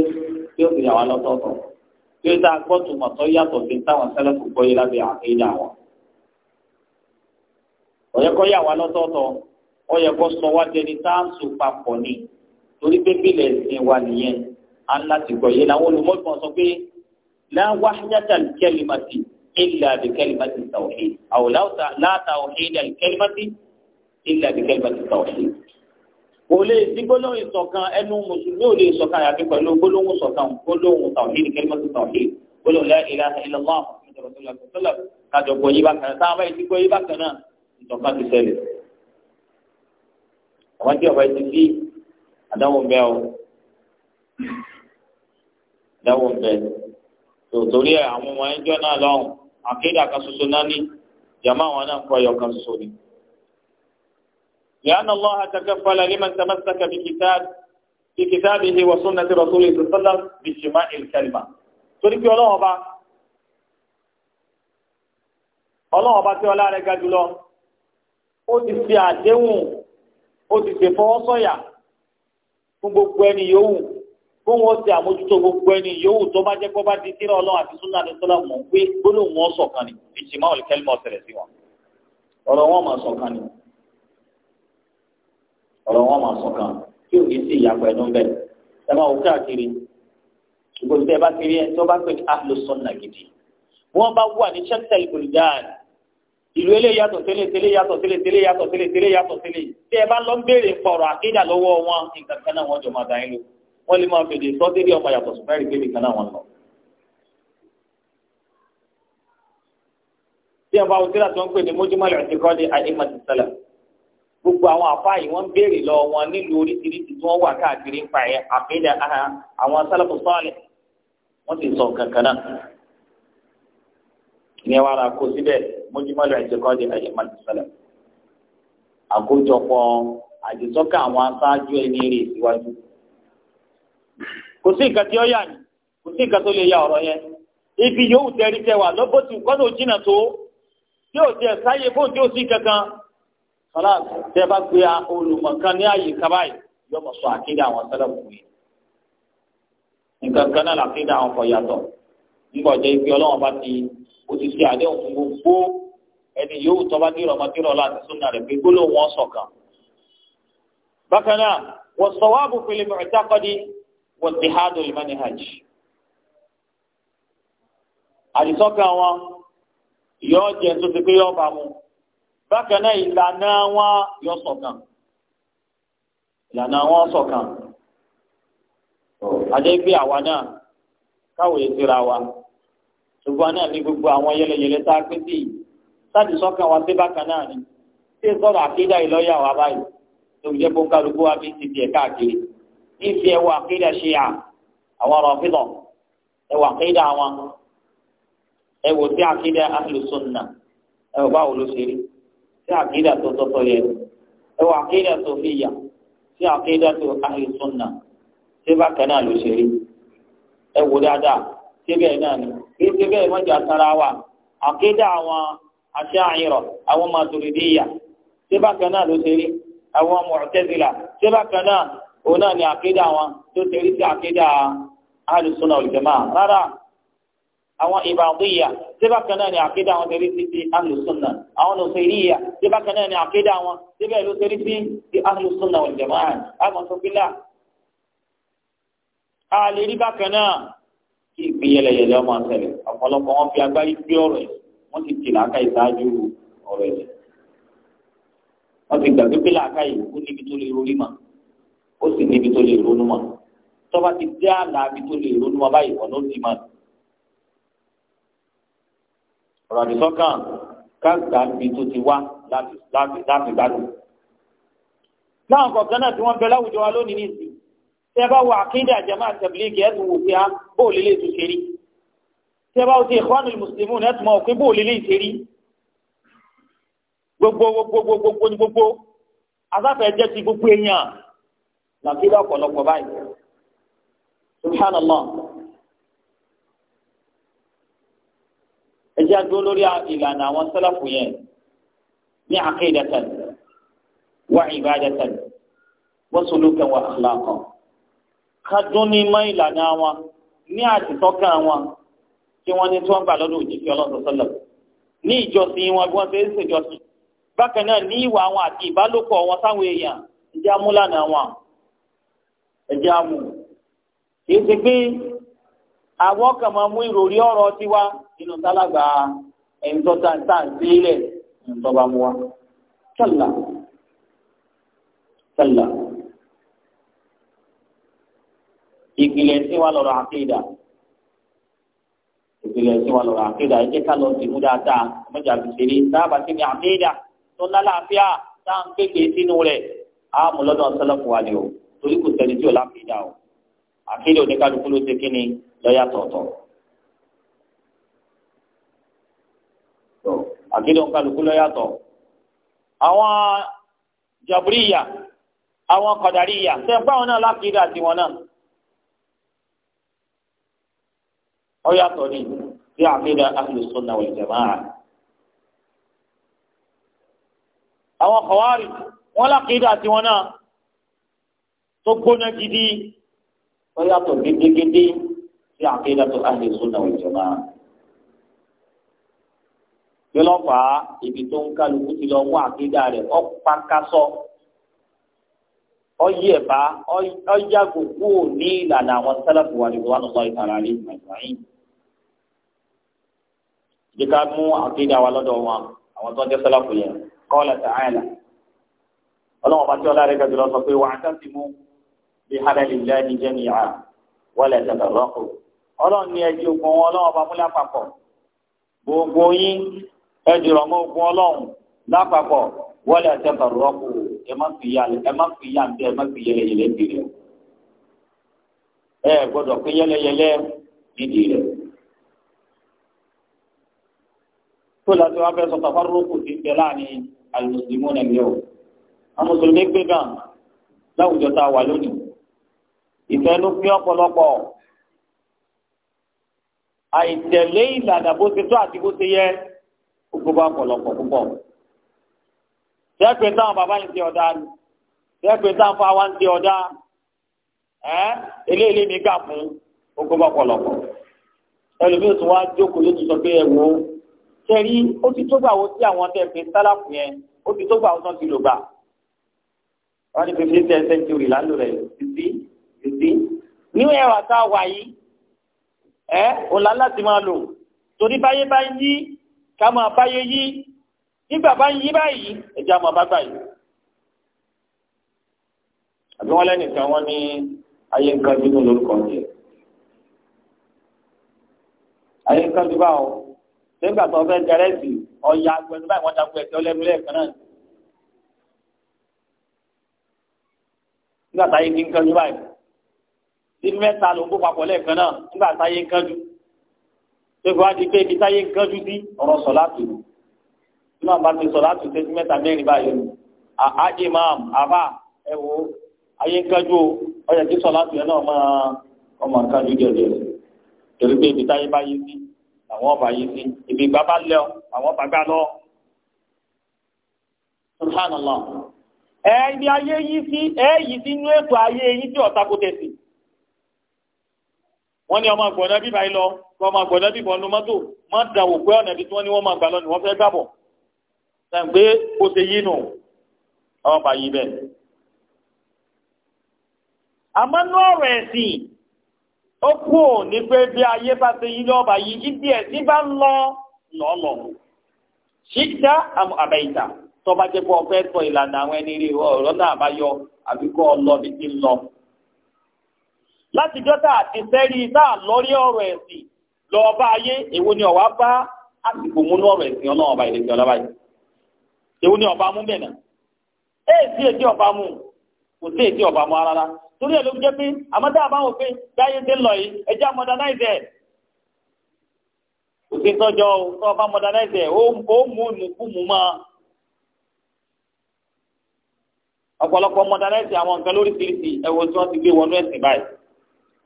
tí ó sì yà wá kí ó dá gbọ́tùmọ̀ tó yàtọ̀ sí táwọn sẹ́lẹ̀ kò gbọ́ yìí lábẹ́ àkídà wọn ọ̀yẹ́ kọ́ yà wá lọ́tọ̀ọ̀tọ̀ ọ̀yẹ́ kọ́ sọ wá dẹni tá à ń sùn papọ̀ ni torí pé bílẹ̀ ẹ̀sìn wa nìyẹn à ń láti gbọ̀ yẹn làwọn olùmọ̀tò sọ pé láwá yàtà kẹlìmàtì ìlà bí kẹlìmàtì tawhid àwòláwòtà láta òhìdà kẹlìmàtì ìlà bí kẹlìmàtì tawhid. kò lè sí gbólóhùn ìṣọ̀kan ẹnu mùsùlùmí ò lè ṣọ̀kan àyàfi pẹ̀lú gbólóhùn ìṣọ̀kan gbólóhùn tawhid kẹlìmàtì tawhid gbólóhùn la ilaha illallah nǹkan ti ṣẹlẹ̀ àwọn tí ọba ti fi àdáwọ̀ bẹ́ẹ̀ o àdáwọ̀ bẹ́ẹ̀ tó torí ẹ̀ àwọn ọmọ ẹjọ́ náà lọ́hùn àkéèdà kan náà ní jàmá àwọn náà kọ́ ẹyọ kan ṣoṣo ni. لأن الله تكفل لمن تمسك بكتاب بكتابه وسنة رسوله صلى الله عليه وسلم باجتماع الكلمة torí pé ọlọ́wọ́n ọba ọlọ́wọ́n ọba tí ọlá rẹ̀ ga jùlọ ó ti fi àdéhùn ó ti ṣe fọwọ́sọ̀yà fún gbogbo ẹni yòówù kó wọn ṣe àmójútó gbogbo ẹni yòówù tó bá jẹ́ kó bá di tírà ọlọ́run àti súnà ní sọ́lá mọ̀ pé gbólóhùn wọn sọ̀kan ni ìṣìmọ́ olùkẹ́lìmọ̀ ọ̀sẹ̀rẹ̀ sí wọn ọ̀rọ̀ wọn máa sọ̀kan ni ọ̀rọ̀ wọn máa sọ̀kan tí ò ní sí ẹnu bẹ́ẹ̀ ẹ máa wò káàkiri gbogbo ìfẹ́ bá kiri ẹ tó bá pè ní ahlus gidi wọ́n bá wà ní chẹ́tẹ̀lì bùrùdáàdì ìlú ilé yàtọ̀ sílé sílé yàtọ̀ sílé sílé yàtọ̀ sílé sílé ebe sílé tí ẹ bá lọ ń béèrè fọ̀rọ̀ àkídà lọ́wọ́ wọn nǹkan kan náà wọ́n jọ máa dá yín lò lè máa fèdè ọmọ yàtọ̀ sùpẹ́rì pé nìkan náà wọ́n lọ. tí ẹ bá wo sílá tó ń pè ní mójúmọ́lẹ̀ àti kọ́lé àìmọ̀ ti sẹ́lẹ̀ gbogbo àwọn àfa yìí wọ́n béèrè lọ wọn nílùú oríṣiríṣi tí wà káàkiri nípa mọ́júmọ́lù ẹ̀ńtẹ́kọ́dé àyèmọ́lù sọ́lẹ̀. àkójọpọ̀ àdìsọ́kà àwọn aṣáájú ẹni rè síwájú. kò sí nǹkan tí ó yà ní kò sí nǹkan tó lè ya ọ̀rọ̀ yẹn. ibi yòówù tẹ́rí tẹ́ wà lọ́bọ̀ tí nǹkan tó jìnnà tó tí ò tiẹ̀ sáyé fóun tí ò sí kankan. sọlá tẹ bá gbé olùmọ̀kan ní àyè kábàáyì yọmọ sọ àkéde àwọn sẹ́lẹ̀ kù yìí. nǹkan kan náà làkéde àwọn kọ̀ yàtọ̀ nígbà ọjọ́ ibi ọlọ́wọ́n bá ti ó ti ṣe àdéhùn fún gbogbo ẹni yòówù tọ́ba dìrọ̀ ọmọ dìrọ̀ láti súnà rẹ̀ pé gbólóhùn wọn sọ̀kan. bákan náà wọ́n sọ wá bù fìlẹ̀ mọ̀tàkọ́dí wọ́n ti há dòlì mọ́ni hajj. àdìsọ́kàn wọn yóò jẹ́ tó ti pé yóò bá mu bákan náà ìlànà wọn yóò sọ̀kan ìlànà wọn sọ̀kan. àdé gbé àwa náà káwé síra wa ṣùgbọ́n náà ní gbogbo àwọn yẹlẹyẹlẹ tá a pín sí yìí sáàdì sọ́kàn wa sí bákan náà ni ṣé sọ̀rọ̀ àkéjà ìlọ́yà wa báyìí tó jẹ́ kó kálukú wa bí ti tiẹ̀ káàkiri ní ìfi ẹwà àkéjà ṣe à àwọn ọ̀rọ̀ fílọ̀ ẹwà àkéjà wọn ẹwò sí àkéjà ahlu sunna báwo ló ṣe rí sí àkéjà tó tọ́tọ́ yẹ ẹwà àkéjà tó fi yà sí àkéjà tó ahlu sunna bákan náà ló ṣe rí ẹwò dáadáa síbẹ̀ náà ni kìí síbẹ̀ mọ́jà tara wa àkéde àwọn aṣááyìrọ̀ àwọn màtúrídìyà síbà kan náà ló ṣe rí àwọn mu'tazila síbà kan náà òun náà ni àkéde àwọn tó ṣe rí sí àkéde àlùsùnà òlùjẹ̀mà rárá àwọn ìbàdíyà síbà kan náà ni àkéde àwọn tẹ̀lé sí ti àlùsùnà àwọn nùsẹ̀ríyà síbà kan náà ni àkéde àwọn síbẹ̀ ló tẹ̀lé sí ti àlùsùnà òlùjẹ̀mà àmọ̀ sọ́kílà bákan náà kí ìpín yẹlẹyẹlẹ ọmọ àtẹlẹ ọ̀pọ̀lọpọ̀ wọn fi agbárí gbé ọ̀rọ̀ ẹ̀ wọ́n ti tì láàká ìsáájú ọ̀rọ̀ ẹ̀ wọ́n ti gbàgbé pé láàká yìí ó níbi tó lè ronú mà ó sì níbi tó lè ronú mà tọ́ba ti dé àlà ibi tó lè ronú mà báyìí ọ̀nà ó mà. ọ̀rọ̀ àdìsọ́kàn káàgbá ibi tó ti wá láti gbádùn. láwọn kọ̀ọ̀kan náà tí wọ́n bẹ láwùjọ wa lónìí nìyí tẹ́ bá wo àkídà jama tabiligi ẹ̀ tún wò pé á ah, bóò lélẹ̀ tó ṣe rí tẹ́ bá ti Ikhwanul Muslimun ẹ̀ tún mọ̀ pé ṣe rí gbogbo gbogbo gbogbo gbogbo asáfẹ́ jẹ́ ti gbogbo èèyàn làkídà ọ̀pọ̀lọpọ̀ báyìí subhanallah ẹ jẹ́ àdó lórí ìlànà àwọn sálàfù yẹn ní àkídà tẹ̀lé wa ìbádà tẹ̀lé wa sulukan wa akhlaqan ká dún ní mọ́ ìlànà wọn ní àtìtọ́kà wọn tí wọ́n ní tí wọ́n gbà lọ́dọ̀ òjijì ọlọ́run sọ́lọ̀ ní ìjọsìn wọn bí wọ́n ṣe ń ṣèjọsìn bákan náà ní ìwà wọn àti ìbálòpọ̀ wọn sáwọn èèyàn ẹ̀jẹ̀ amúlànà wọn ẹ̀jẹ̀ amú kìí ṣe pé àwọn kan máa mú ìròrí ọ̀rọ̀ tiwa nínú tálágbà ẹ̀yìn tó ta ta sílẹ̀ ìtọ́ba mu wa kẹ́là kẹ́là. ìpìlẹ̀ sí wa lọ́rọ̀ àkéèdà ìpìlẹ̀ sí wa lọ́rọ̀ àkéèdà ẹ jẹ́ ká lọ sí mú dáadáa mọ́jà fi ṣeré sábà sí ní àkéèdà tó lálàáfíà tá à ń kéke sínú rẹ̀ á mú lọ́dọ̀ sẹ́lẹ̀kù wa ni o torí kò sẹ́ni tí ò lákéèdà o àkéèdà oníkálukú ló ṣe kí ni lọ́yà tọ̀ọ̀tọ̀. àkéèdà oníkálukú lọ́yà tọ̀ àwọn jàbúríyà àwọn kọ̀dàríyà sẹ́ńpá ọ yàtọ̀ ní bí àkídà ahlu sunna wal jamaa. àwọn kọ̀wárì wọ́n lákìdá tiwọn náà tó gbóná gidi ọ yàtọ̀ gédégédé sí àkídà tó ahlu sunna wal jamaa yọlọ́fà ibi tó ń kálukú ti lọ wá àkídà rẹ̀ ọ̀pákásọ ọ̀yẹ̀bá ọ̀yàgò kúò ní ìlànà àwọn sálàfù wà lè wà lọ́wọ́ ìtara rí ìgbà yìí jẹ́ ká mú àkéde àwa lọ́dọ̀ wọn àwọn tó ń jẹ́ sálàfù yẹn qala ta'ala ọlọ́wọ́n bá tí ọlá rẹ̀ gàdú lọ sọ pé wa'tasimu bi hablillahi jami'a wala tafarraqu ọlọ́run ní ẹjọ́ ogun wọn ọlọ́wọ́n bá mú lápapọ̀ gbogbo yín ẹjọ́ rọ̀ mọ́ ogun ọlọ́run lápapọ̀ wala tafarraqu ẹ má fi yà ẹ má fi yà ẹ má fi yẹlẹyẹlẹ bìrì ẹ gbọ́dọ̀ pé yẹlẹyẹlẹ bìrì rẹ̀ tó láti wá fẹ́ sọ tàfárúkù ti tẹ̀ láàrin àlùmùsùlùmù nàìjíríà o àwọn mùsùlùmí gbé gan láwùjọ tá a wà lónìí ìfẹ́ ló pín ọ̀pọ̀lọpọ̀ àìtẹ̀lé ìlànà bó ti tó àti bó ti yẹ gbogbo bá ọ̀pọ̀lọpọ̀ púpọ̀ jẹ́pẹ̀ táwọn bàbá yìí ti ọ̀dà ni jẹ́pẹ̀ táwọn fáwa ń ti ọ̀dà ẹ́ eléyìí mi kà fún gbogbo bá ọ̀pọ̀lọpọ̀ ẹlòmíràn tó wá jókòó yóò sọ pé ẹ wò ó tẹ̀rí ó ti tó gbà wo sí àwọn tẹ̀ pé sálàfù yẹn ó ti tó gbà wo tán ti lò gbà wọ́n ti fi fi tẹ̀ sẹ́ńtúrì lálò rẹ̀ títí títí níwọ̀n ẹ̀wà tá a wà yìí ẹ̀ ọ̀la láti máa lò torí báyé bá ń yí ká máa báyé yí nígbà bá ń yí báyìí ẹ̀jẹ̀ àmọ́ bá gbà yìí àbí wọn lẹ́nìkan wọn ní ayé nǹkan dúró lórúkọ yẹn ayé nǹkan dúró báwọn sẹ́gbà tó fẹ́ dẹrẹ́sì ọ̀yà agbẹnu báyìí wọ́n dàgbẹ́ ẹ̀sẹ̀ ọlẹ́nu lẹ́ẹ̀kan náà. nígbà táyé kí n kánjú báyìí tí mẹ́ta ló ń kó papọ̀ lẹ́ẹ̀kan náà nígbà táyé ń kánjú. sẹ́gbà wá di pé ibi táyé ń kánjú sí ọ̀rọ̀ sọ̀ láti lù. tí màá bá ti sọ̀ láti ṣe sí mẹ́ta mẹ́rin báyìí lù. àájì máa àbá ẹ wo ayé ń kánjú o ọ̀yà kí sọ̀ láti yẹn náà máa ọmọ kánjú jẹ̀jẹ̀ àwọn ọba yìí sí ibi ìgbà bá lẹ ọ àwọn ọba gbà lọ. subhanallah ẹ ibi ayé yìí sí ẹ yìí sí inú ètò ayé yìí tí ọ̀tá kò tẹ̀sí. wọ́n ní ọmọ àgbọ̀nà bíbá yìí lọ ọmọ àgbọ̀nà bíbọ̀ ọ̀nù mọ́tò má dà wò pé ọ̀nà ibi tí wọ́n ní wọ́n máa gbà lọ ni wọ́n fẹ́ gbàbọ̀. sàǹgbé kó ṣe yín nù ọba yìí bẹ́ẹ̀. àmọ́ nú ọ̀rọ̀ ẹ̀sìn ó kú ò ní pé bí ayé bá ti yí lọ́ọ̀bà yìí ibi ẹ̀sìn bá ń lọ lọ́ọ̀lọ́ ṣíṣá àbẹ̀yìntà tó bá jẹ́ pé ọ̀fẹ́ sọ ìlànà àwọn ẹni rí ọ̀rọ̀ náà bá yọ àbí kọ́ lọ bí ti ń lọ. látijọ́ tá a ti sẹ́rí tá a lọ́rí ọ̀rọ̀ ẹ̀sìn lọ́ọ́ bá ayé èwo ni ọ̀wá bá àsìkò múnú ọ̀rọ̀ ẹ̀sìn ọlọ́run ọba ìrètí ọlọ́ba yìí èwo ni ọba mú bẹ̀nà èsì èdè ọba mú kò sí èdè ọba mú rárá torí ẹ̀ ló jẹ́ pé àmọ́tá àbáwọn pé dáyé ti ń lọ yìí ẹjẹ́ modernize ẹ̀ kò sí tọ́jọ́ o tó ọba modernize ẹ̀ ó mú nùkúmù mọ́ ọ̀pọ̀lọpọ̀ modernize àwọn nǹkan lóríṣiríṣi ẹ̀wọ̀n tí wọ́n ti gbé wọnú ẹ̀sìn báyìí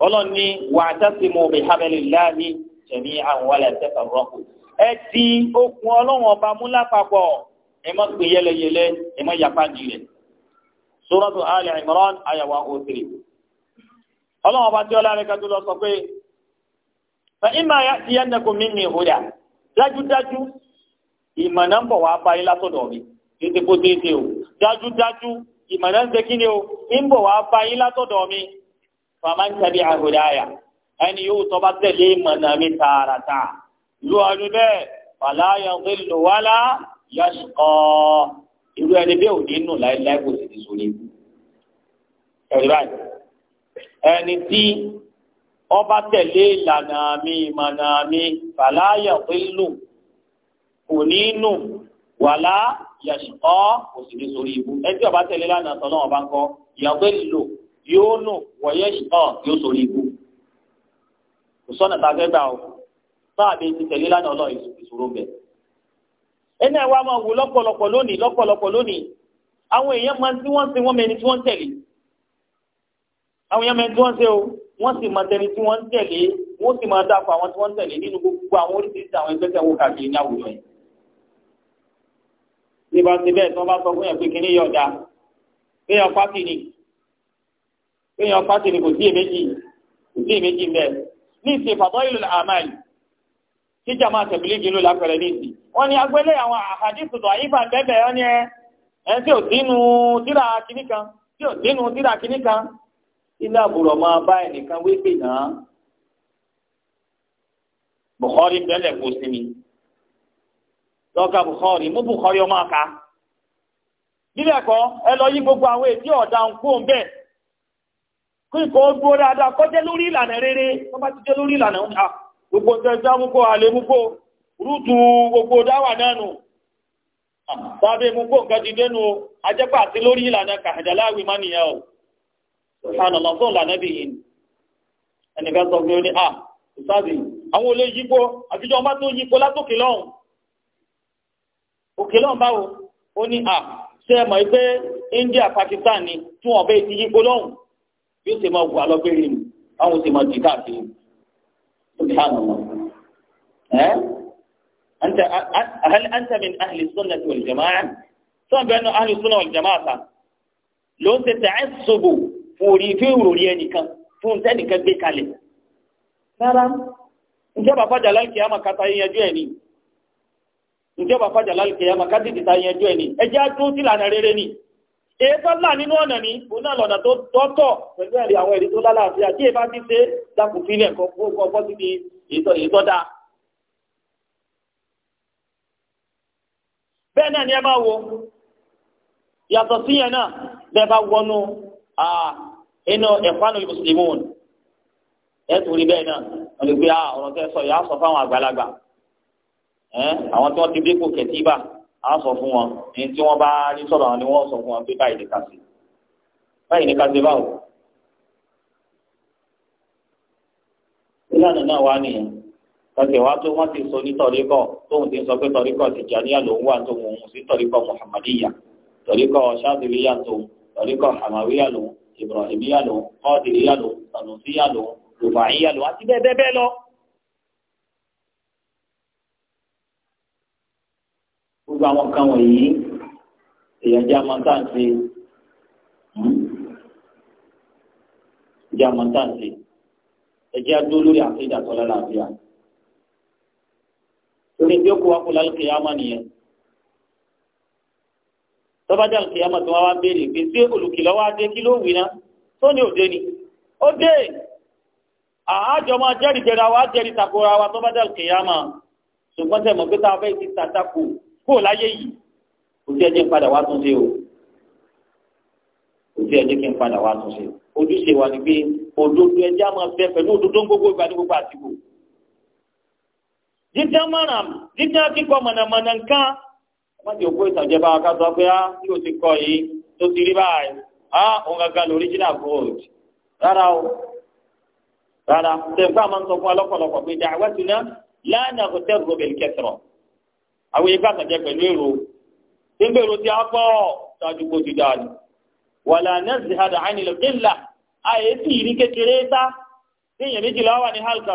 ọlọ́ni wa'tasimu bihablillahi jami'an wa la tafarraqu ẹ ti okùn ọlọ́run ọba mú lápapọ̀ ẹ má gbé yẹlẹyẹlẹ ẹ má yapa nìyẹn suratu ali imran aya one oh three ọlọ́run ọba tí ọlá rẹ̀ kájú lọ sọ pé fa imma ya'tiyannakum minni huda dájúdájú ìmọ̀nà ń bọ̀ wá bá yín látọ̀dọ̀ mi tètè kó tètè o dájúdájú ìmọ̀nà ń ṣe kí ni o ń bọ̀ wá bá yín látọ̀dọ̀ mi faman tabi'a hudaya ẹni yóò tọ́ bá tẹ̀lé ìmọ̀nà mi tààràtà lu ọdún bẹ́ẹ̀ fala yadhillu wala yashqa irú ẹni bẹ́ẹ̀ ò ní nù sórí ibú. ẹ̀rí báyìí ẹni tí ọba tẹ̀lé ìlànà mi ìmọ̀nà mi fàlàyà pẹ̀lú kò ní nù wàlá yàṣùkọ́ kò sì ní sórí ibú. ẹni tí ọba tẹ̀lé ìlànà tọ́lọ́ ọba ń kọ́ ìyàwó èlò yóò nù wọ̀yẹ́ ṣùkọ́ yóò sórí ibú. kò sọ́nà tá a fẹ́ gbà o sáàbí ti tẹ̀lé lánàá ọlọ́ ìṣòro bẹ̀. ẹni ẹ̀ wá máa wò lọ́pọ̀lọpọ̀ lónìí lọ́pọ̀lọpọ̀ lónìí àwọn èèyàn máa tí wọ́n ṣe wọ́n mẹni tí wọ́n tẹ̀lé àwọn èèyàn mẹni tí wọ́n ṣe o wọ́n sì máa tẹni tí wọ́n tẹ̀lé wọ́n sì máa dàpọ̀ àwọn tí wọ́n tẹ̀lé nínú gbogbo àwọn oríṣiríṣi àwọn ẹgbẹ́ tẹ̀wọ́ káàkiri ní àwùjọ yìí. nípa ti bẹ́ẹ̀ tí wọ́n bá sọ fún yẹn pé kíní yọ̀ ọ̀dà péyàn pátì ni péyàn pátì ni kò sí èméjì kò sí èméjì bẹ́ẹ̀ ní ìsìn fàtọ́ ìlú àmàlì tí jàmáà tẹ̀bílì gílù lápẹ̀rẹ̀ ní ìsìn wọ́n ní agbélé àwọn àhàdìsù tó àyíká ẹ̀ tí ò dínú tíra kìíní kan tí ò dínú tíra kìíní kan ilé àbúrò máa bá ẹnìkan wépè náà Bukhari bẹ́lẹ̀ kó sí mi lọ́ka Bukhari mú Bukhari ọmọ àká nílẹ̀ kọ́ ẹ lọ yí gbogbo àwọn èdè ọ̀dà ń kó ń bẹ́ẹ̀ kí nǹkan ó dáadáa kọjá lórí ìlànà rere wọ́n bá ti jẹ́ lórí ìlànà ah, gbogbo ọjọ́ ìjámúkọ́ àlèmúkọ́ gbogbo dáwà náà sábẹ́ mú kó nǹkan ti dẹnu o ajẹ́pẹ́ àti lórí ìlànà kàdáláwì má nìyẹn o ṣàlọ́ lọ́sọ̀ lànà bí yìí ẹnìkan sọ pé ó ní à ìsáàbì àwọn olè yípo àfijọ́ ọba tó yípo látòkè lọ́hùn òkè lọ́hùn báwo ó ní à ṣe é mọ̀ pé India Pakistan ni tí wọ́n bẹ́ẹ̀ ti yípo lọ́hùn yóò ṣe máa wà lọ́gbẹ́rẹ́ ni àwọn ò sì máa dì káàkiri ṣùgbọ́n ẹ̀ أنت هل أنت من أهل السنة والجماعة؟ سواء بأنه أهل السنة والجماعة لو تتعصب فوري فوري نيكا فون تاني كان بيك عليه نعم ǹjẹ́ bàbá nínú ọ̀nà ni lọ́nà tó tọ́tọ̀ pẹ̀lú ẹ̀rí àwọn tó lálàáfíà tí bá ti ṣe bọ́ bẹ́ẹ̀ náà ni ẹ máa wo yàtọ̀ síyẹn náà bẹ́ẹ̀ bá wọnú inú ẹ̀fọ́nù mùsùlùmùn ẹ̀ tó rí bẹ́ẹ̀ náà wọ́n lè gbé ọ̀rọ̀ tẹ́ sọ yà á sọ fáwọn àgbàlagbà àwọn tí wọ́n ti dépò kẹ̀tíbà á sọ fún wọn ní tí wọ́n bá rí sọ̀rọ̀ ni wọ́n sọ fún wọn pé báyìí ní ká ṣe báyìí ní ká ṣe báwo. ìlànà náà wà nìyẹn ọ̀sẹ̀ wa tó wọ́n ti sọ ní tọ̀ríkọ̀ tóun ti sọ pé tọ̀ríkọ̀ tìjàníyà lòun wà tóun òun sí tọ̀ríkọ̀ muhammadiya tọ̀ríkọ̀ ṣáàdìríyà tóun tọ̀ríkọ̀ hamawiya lòun ibrahimiya lòun kọ́ọ̀dìríyà lòun sanusiya lòun rufaiya lòun àti bẹ́ẹ̀ bẹ́ẹ̀ bẹ́ẹ̀ lọ. gbogbo àwọn kan wọ̀nyí èèyàn jẹ́ amọ̀ntàǹtì hmm? jẹ́ amọ̀ntàǹtì ẹ̀jẹ̀ adó lórí àfihàn tọ́lá làbíyà torí tí ó kó wa kó lálùkè yá mọ́ nìyẹn tọ́bájà lùkè yá mọ́ tí wọ́n wá béèrè pé sí olùkìlọ́ wá dé kí ló wí tó ní òde ni ó dé àájọ máa jẹ́rìí jẹ́ra wa jẹ́rìí takora wa tọ́bájà lùkè yá mọ́ ṣùgbọ́n tẹ̀ mọ̀ pé tá a fẹ́ ti tàtàkù kó láyé yìí kò tí ẹ jẹ́ padà wá tún ṣe o kò tí ẹ jẹ́ kí n padà wá tún ṣe ojúṣe wa ni pé òdodo ẹjẹ́ á máa bẹ pẹ̀lú òdodo gbogbo ìgbà ní gbogbo àsìkò dídá márùn dídá kíkọ mọ̀nàmọ̀nà nǹkan wọ́n ti òkú ìtàjẹ́ bá wa ká sọ pé á ah, tí o ti kọ yìí tó ti rí báyìí á ah, òun gangan lórí jìnnà gold rárá o rárá tẹ̀fẹ́ àmọ́ ń sọ fún ọlọ́pọ̀lọpọ̀ pé da'watuna la naghtarru bil kathra àwọn yìí gbàtàjẹ́ pẹ̀lú èrò tí ń bèrò tí a pọ̀ ṣáájú kó ti dáa ni wala nazhad 'anil qillah àyè tí ìrí kékeré sá tí èèyàn méjìlá wà ní hálkà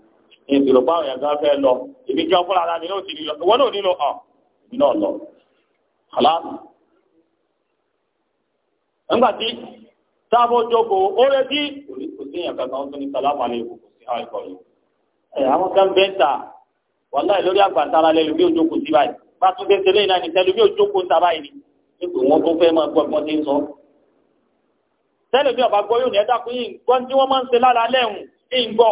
ìṣòro báwọn yàtọ̀ fẹ́ lọ èmi jẹ́ ọkọ ara mi náà ti lọ ìwọ náà ò ní lọ hàn èmi náà lọ. aláàbò nígbà tí sábò jókòó ó retí kò sí èèyàn kankan tó ní sálámù alẹ́ kò sí àwọn ìkọ̀ yìí. ẹ àwọn kan bẹ́ẹ̀ ta wàhálà lórí àgbàntara lẹ́lu bí òjókòó sí báyìí bá tún ṣe ṣe lẹ́yìn náà ní tẹ́lu bí òjókòó ta báyìí ni pé wọ́n tó fẹ́ máa gbọ́ ẹ̀gbọ́n tí ń sọ. tẹ́lẹ̀ bí ọ̀bá gbọ́ yóò ní ẹ̀dá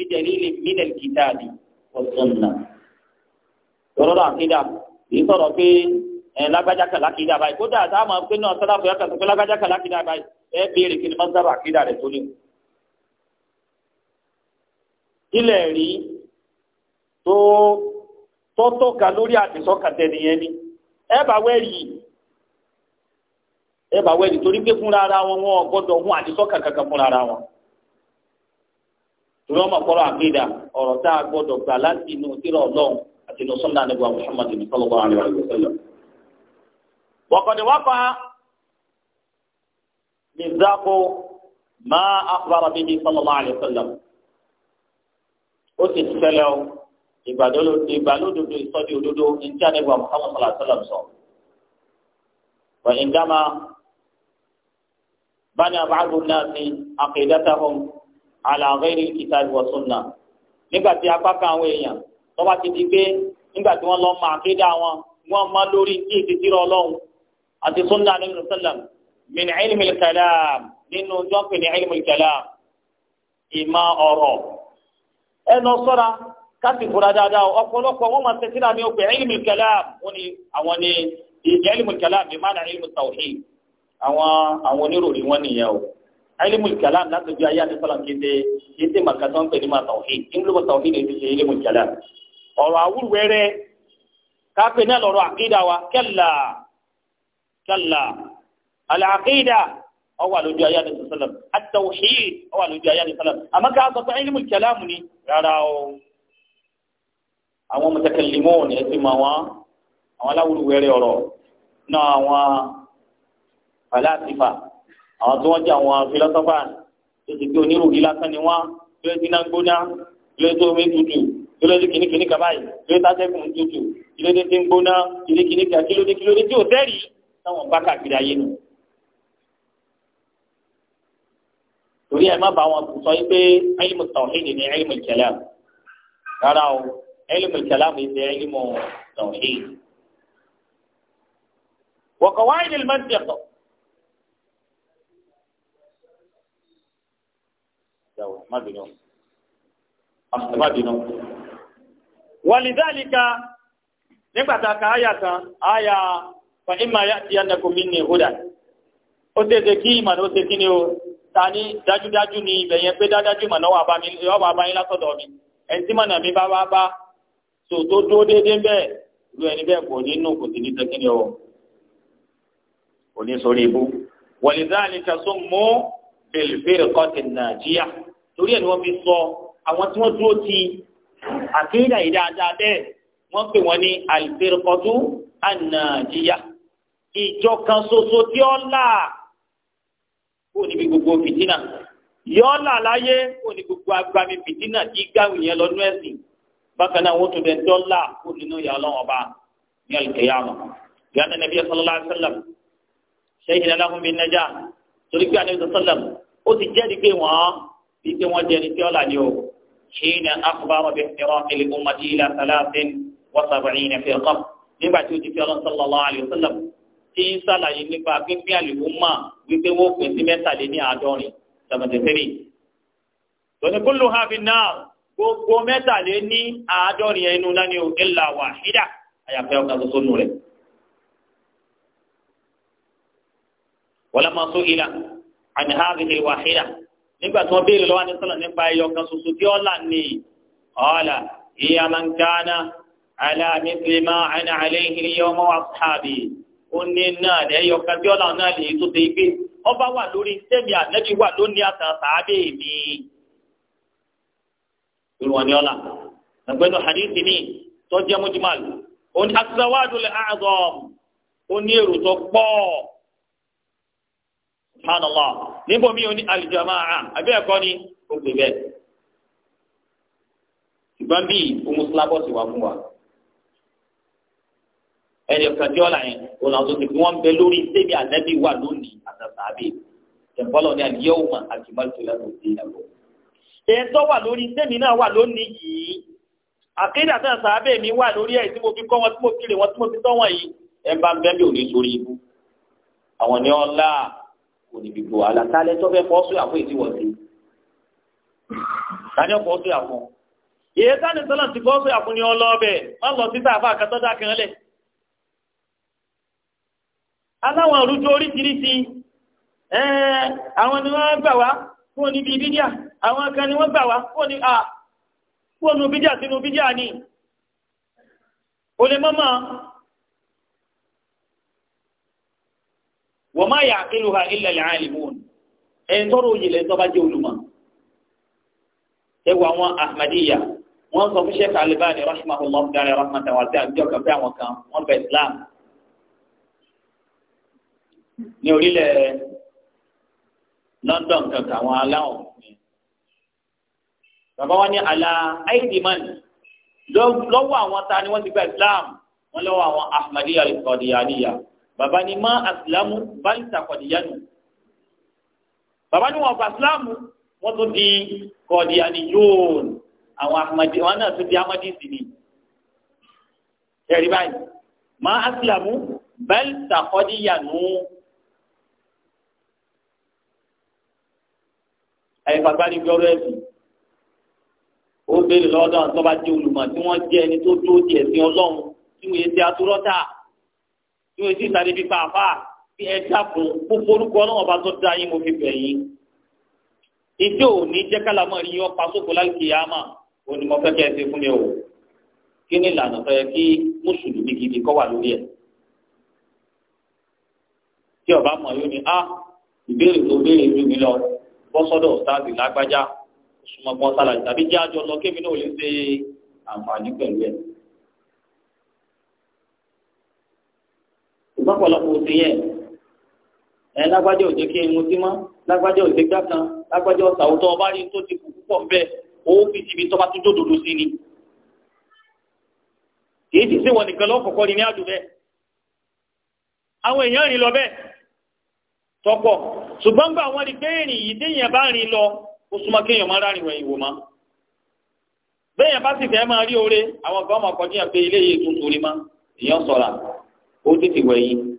بدليل من الكتاب والسنة tọrọ àkídà yìí sọ̀rọ̀ pé ẹ lágbájá kan a máa pé náà sọlá fúyà kan sọ pé lágbájá kan lákìdá báyìí ẹ béèrè tó tó nìyẹn ni ẹ bá ẹ bá torí pé fúnra ara wọn wọn hún kankan fúnra ara wọn. torí ọmọ kọ́rọ̀ àkídà ọ̀rọ̀ tá a gbọ́dọ̀ gbà láti inú tírà ọlọ́run àti inú sọ́nà àdébùwà muhammadu sallallahu alaihi wa sallam. wọ́kọ̀dé wáfà ní zákó máa akhbara bihi sallallahu alaihi wa sallam. ó sì ṣẹlẹ̀ o ìgbàlódodo ìsọdí òdodo ní tí àdébùwà muhammadu sallallahu alaihi wa sallam sọ. وإنما بنى بعض الناس عقيدتهم ala ghairi kitabi wa sunnah nígbà tí apá kan àwọn èèyàn tó bá ti di pé nígbà tí wọ́n lọ máa kéde àwọn wọ́n máa lórí tí èsì tìrọ ọlọ́run àti sunna ní ibùdó sálàm min ilmi kalam nínú jọ́pẹ̀ ní ilmi kalam ìmọ̀ ọ̀rọ̀ ẹ sọ́ra káàsì fura dáadáa ọ̀pọ̀lọpọ̀ wọ́n máa tẹ̀sí náà ní ọgbẹ́ ilmi kalam ni àwọn ní ilmi kalam ìmọ̀ náà ilmi tawhid àwọn oníròrí ilimul kalam láti ju ayé àdìsọ́lá kéde kéde màkà tó ń pè ní ma tawhid ìmúlùmọ̀ tawhid ní ti ṣe ilimul kalam ọ̀rọ̀ àwùrẹ́rẹ́ káfíń náà lọ́rọ̀ àkídà wa kẹ́là kẹ́là àlẹ́ àkídà ọwọ́ àlójú ayé àdìsọ́ sọ́lọ̀m àtàwùhìd ọwọ́ àlójú ayé àdìsọ́ sọ́lọ̀m àmọ́ ká sọ pé ilimul kalam ni rárá o àwọn mutakallimun ni ẹ̀sìn mọ̀ wọn àwọn aláwùrẹ́rẹ́ ọ̀rọ̀ náà àwọn fàlásífà àwọn tí wọ́n jẹ́ àwọn fìlọ́sọ́fà tó ti gbé onírúurú lásán ni wọ́n lóye tí náà gbóná lóye tó omi tutù lóye tí kìnnìkìnnì kaba yìí lóye tásẹ́kùn tutù kílódé tí ń gbóná kìnnìkìnnì kà kílódé kílódé tí ò tẹ́rì táwọn bá káàkiri ayé nù. torí ẹ má bá wọn sọ yìí pé ẹlẹ́mù tawhid ni ẹlẹ́mù kalam rárá o ẹlẹ́mù kalam mi ṣe ẹlẹ́mù tawhid. wọ̀kọ̀ wáyé ni lè má yàwó má bínú má bínú. wàlídàlíkà nígbà tá a ka àyà kan àyà fa ìmà yá ti yànnà kòmí ní ìhódà ó tẹ̀sẹ̀ kí ìmọ̀ ló ṣe kí ni o ta ni dájúdájú ni ibẹ̀ yẹn pé dájúdájú ìmọ̀ náà wà bá mi wà bá yín látọ̀dọ̀ mi ẹni tí mọ̀nà mi bá wá bá tò tó dúró déédéé bẹ́ẹ̀ lu ẹni bẹ́ẹ̀ kò ní nù kò sì ní sẹ́kìnì ọ̀ kò ní sórí ibú wọ̀lìdáàlì kasó mú bèlbèl kọ́tì nàìjíríà torí ẹ̀ ni wọ́n fi sọ àwọn tí wọ́n dúró ti àkéyìdá yìí dáadáa bẹ́ẹ̀ wọ́n pè wọ́n ní àlùfẹ́rẹ́kọ́tù ànàjíyà ìjọ kan ṣoṣo tí ó là kó níbi gbogbo fìtínà yọ́ là láyé kó ní gbogbo agbami fìtínà tí gáwìn yẹn lọ́nú ẹ̀sìn bákan náà wọ́n tún bẹ dọ́là kó nínú ìyá ọlọ́wọ́n bá ní alìkèyàmọ̀ yàtọ̀ nàbí sallallahu alaihi wasallam shaykhina lahum wípé wọ́n jẹ́ ní tí ọ̀là ni o ṣéyìnà akọbárọ̀ bíi ìrọ̀kìlì ọmọdé ilà sàlásìn wọ́sàbàyìn fi ọ̀kọ́ nígbà tí ó ti fi ọlọ́n sallallahu alaihi wasallam tí ń sàlàyé nípa pínpín àlùkò mọ́ wípé wọ́n pín sí mẹ́tàléní àádọ́rin seventy three. lónìkúlù hafi náà gbogbo mẹ́tàléní àádọ́rin ẹnu lánìí o ìlà wàhídà àyàfẹ́ ọ̀kan ṣoṣo nù rẹ̀. wọ́n lọ́ nígbà tí wọ́n béèrè lọ́wọ́ ní sọ́nà nípa ẹyọ kan ṣoṣo tí ọ̀là ni ọ̀là ìyá máa ń gánà aláàmísílẹ̀má àná àléhìn iye ọmọ àṣàbì ó ní náà ẹyọ kan tí ọ̀là náà lè tó ṣe gbé ọba wà lórí sẹ́mi ànẹ́bí wà lónìí àtàn sàábé mi. ìrùwọ̀n ni ọ̀là ẹgbẹ́nu hadithi ni tọ́jú ẹmújúmọ́ àlù ó ní subhanallah níbo mi ò ní alìjàmáà àbí ẹ̀kọ́ ni ó gbé bẹ́ẹ̀ ṣùgbọ́n bíi omusulabọ́sì wà fún wa ẹni ọ̀kadì ọ̀la yẹn òun àwọn tó ti fi wọ́n bẹ lórí sẹ́mi ànábì wà lónìí àtàtàbí tẹ̀fọ́lọ́ ní àdìyẹ́wò mà àjùmọ̀tò lẹ́nu òde ìyàwó. èyí tó wà lórí sẹ́mi náà wà lónìí yìí àkéde àtàtàbí mi wà lórí ẹ̀ tí mo fi kọ́ wọn tí mo fi lè wọn tí mo fi tọ́ wọn yìí ẹ bá bẹ́ẹ̀ bí òní sórí ibú. àwọn ní ọlá kò ní gbogbo wàhálà tálẹ́ tó fẹ́ fọ́ sóyà fún ètí wọ̀sí tani ọ̀fọ́ sóyà fún ìyẹn tani sọ́lá ti fọ́ sóyà fún ni ọlọ́ọ̀bẹ̀ má lọ sí sáà fún àkàtọ́ dákan lẹ̀ aláwọn àrùjọ oríṣiríṣi àwọn ni wọ́n gbà wá fún níbi bídíà àwọn kan ni wọ́n gbà wá fún ní à fún bídíà sínú bídíà ni olè mọ́mọ́ wọ́n máa yà àkílù ha ilẹ̀ lẹ́hàn ìlúwọ̀n ẹ̀yìn tọ́rọ òye lẹ́yìn tọ́ba jẹ́ olùmọ̀ ẹwà àwọn ahmadiyya wọ́n sọ fún sheikh alibani rahimahullah dara rahmatan wa ta'ala jọ kàfé àwọn kan wọ́n bẹ islam ní orílẹ̀ london kankan àwọn aláwọ̀ bàbá wa ní àlà aidiman lọ́wọ́ àwọn ta ni wọ́n ti gba islam wọ́n lọ́wọ́ àwọn ahmadiyya al-qadiyaniyya bàbá ni má asilamu báyìí sàkọ̀dìyanu bàbá ni wọn bá asilamu wọn tún di kọ̀dìyanu yóòn àwọn ahmadi wọn náà tún di ahmadi sí ni ẹ̀rí báyìí má asilamu báyìí sàkọ̀dìyanu. àyèfàgbárí bí ọ̀rọ̀ ẹ̀sìn ó béèrè lọ́dọ̀ àwọn tó tí wọ́n jẹ́ ẹni tó tó tiẹ̀ sí ọlọ́run tí wọ́n yé ti atúrọ́tà tí o ti sáré fi pa àfa bí ẹ dákun kó forúkọ ọlọ́wọ́n bá tó dá yín mo fi bẹ̀ yín. ìjọ òní jẹ́ kálámọ̀ rí yọ pa sóko lálùkìyàmà òní mo fẹ́ kẹ́ ẹ ṣe fún mi o kí ni ìlànà tó yẹ kí mùsùlùmí gidi kọ́ wà lórí ẹ̀. tí ọba mọ̀ yóò ní a ìbéèrè tó béèrè ju mi lọ bọ́ sọ́dọ̀ ọ̀sáàdì lágbájá òṣùmọ̀gbọ́n sálàjì tàbí jẹ́ àjọ lọ kémi náà ò lè ṣe àǹfààní pẹ̀lú ẹ̀. ọ̀pọ̀lọpọ̀ òsè yẹn ẹ lágbájá òjò kí n mutí mọ́ lágbájá òjò gbá kan lágbájá ọ̀sà òtọ́ ọba rí tó ti kù púpọ̀ ń bẹ́ẹ̀ owó fi ti ibi tọ́ba tó dòdòdò sí ni kìí ti sí wọn nìkan lọ́kọ̀ọ́kọ́ ni ní àdùn bẹ́ẹ̀ àwọn èèyàn rìn lọ bẹ́ẹ̀ tọ́pọ̀ ṣùgbọ́n gbà wọ́n rí pé ìrìn yìí déèyàn bá rìn lọ ó súnmọ́ kéèyàn máa rárìn wẹ̀yìn wò má béèyàn bá sì fẹ́ máa rí oore àwọn kan máa kọjú yàn pé ilé yìí tún torí má èèyàn sọ̀ra ó tètè wẹ̀yìn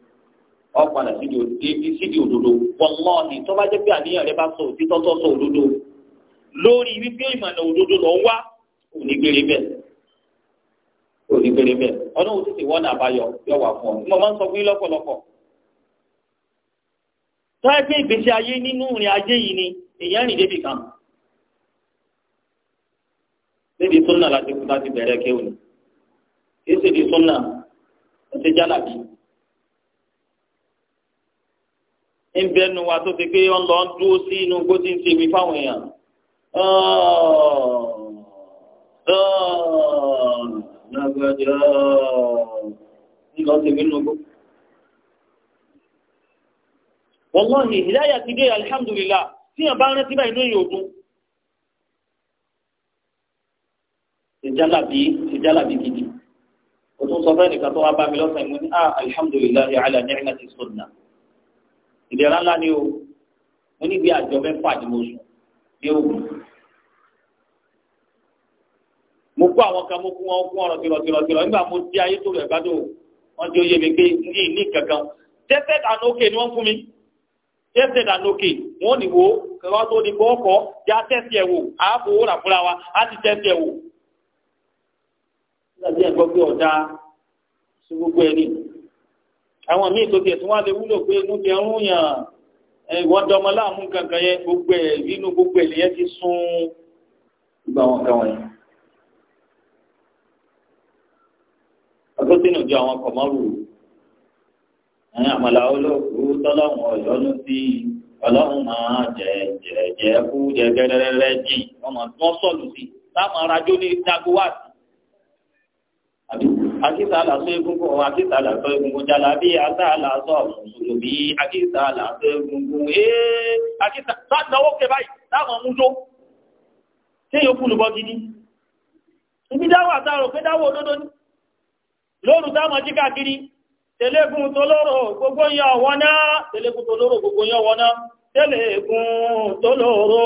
ọ padà sídi òdodo wọlọ́ọ̀nì tó bá jẹ́ pé àníyàn rẹ bá sọ òtítọ́ tó sọ òdodo lórí wípé ìmọ̀nà òdodo lọ wá onígbèrè bẹ́ẹ̀ onígbèrè bẹ́ẹ̀ ọlọ́run tètè wọ́n náà báyọ̀ yọ wà fún ọ mo máa ń sọ fún yín lọ́pọ̀lọpọ̀ táyà pé ìgbésí ayé nínú ìrìn ajé yìí ni èèyàn rìn débi kan níbi sunna láti kú láti bẹ̀rẹ̀ kéwòn kí èsì ń bẹnu wa tó ti pé wọn lọ ń dúró sí inú igbó tí ń ṣe wí fáwọn èèyàn lágbájá ńlọ sí inú igbó. wọ́lọ́hì ìdáyà ti dé alihamdulilá tí yàn bá rántí báyìí lóyìn òdun. ìjálàbí ìjálàbí gidi. o tún sọ fẹ́ nìkan tó wá bá mi lọ́sàn-án mo ní alihamdulilá ala ni'mati sunnah ìdẹ̀ra ńlá ni o mo níbi àjọ mẹ́fà ni mo sùn ní òògùn mo kó àwọn kan mo kó wọn kó ọ̀rọ̀ tìrọ̀tìrọ̀tìrọ̀ nígbà mo di ayé tó rẹ̀ gbádùn wọn ti yé mi pé ní ní kankan tẹ́tẹ́ dànù òkè ni wọ́n fún mi tẹ́tẹ́ dànù òkè wọ́n ní wo kẹwàá tó ní bọ́ọ̀kọ́ já tẹ́tẹ́ ẹ̀ wò àábò wò ràfúnra wa á ti tẹ́tẹ́ ẹ̀ wò. nígbà tí ẹ̀ gbọ́ pé ọ̀dà sí gbogbo ẹ̀ nìyí àwọn míì tó tiẹ̀ tí wọ́n á lè wúlò pé inú ti ẹrún yàn ìwọ́n dọmọ láàmú kankan yẹn gbogbo ẹ̀ nínú gbogbo ẹ̀ lèyẹn ti sún gbogbo àwọn kan wọ̀nyẹn. ọdún tí nìjọ àwọn kọ̀mọ́rù àmàlà olóògùn tọ́lọ́hún ọ̀yọ́nú sí ọlọ́run máa jẹ jẹ jẹ kú jẹ gẹ́gẹ́rẹ́rẹ́ jìn wọ́n sọ̀lù sí táwọn arajó ní dagowaati akíta àlàsọ egungun ọ̀hún akíta àlàsọ egungun jala bí ata àlàsọ mùsùlùmí akíta àlàsọ egungun ee akíta sáàdáwó kẹ báyìí táwọn mújó tí yóò kú lùbọ́ gidi ibi dáwọ̀ àtàrò pé dáwọ̀ òdodo ni lóru táwọn jí káàkiri tẹlẹ́gùn tó lóró gbogbo yẹn ọ̀wọ́ náà toloro tó lóró gbogbo yẹn ọ̀wọ́ náà tẹlẹ́gùn tó lóró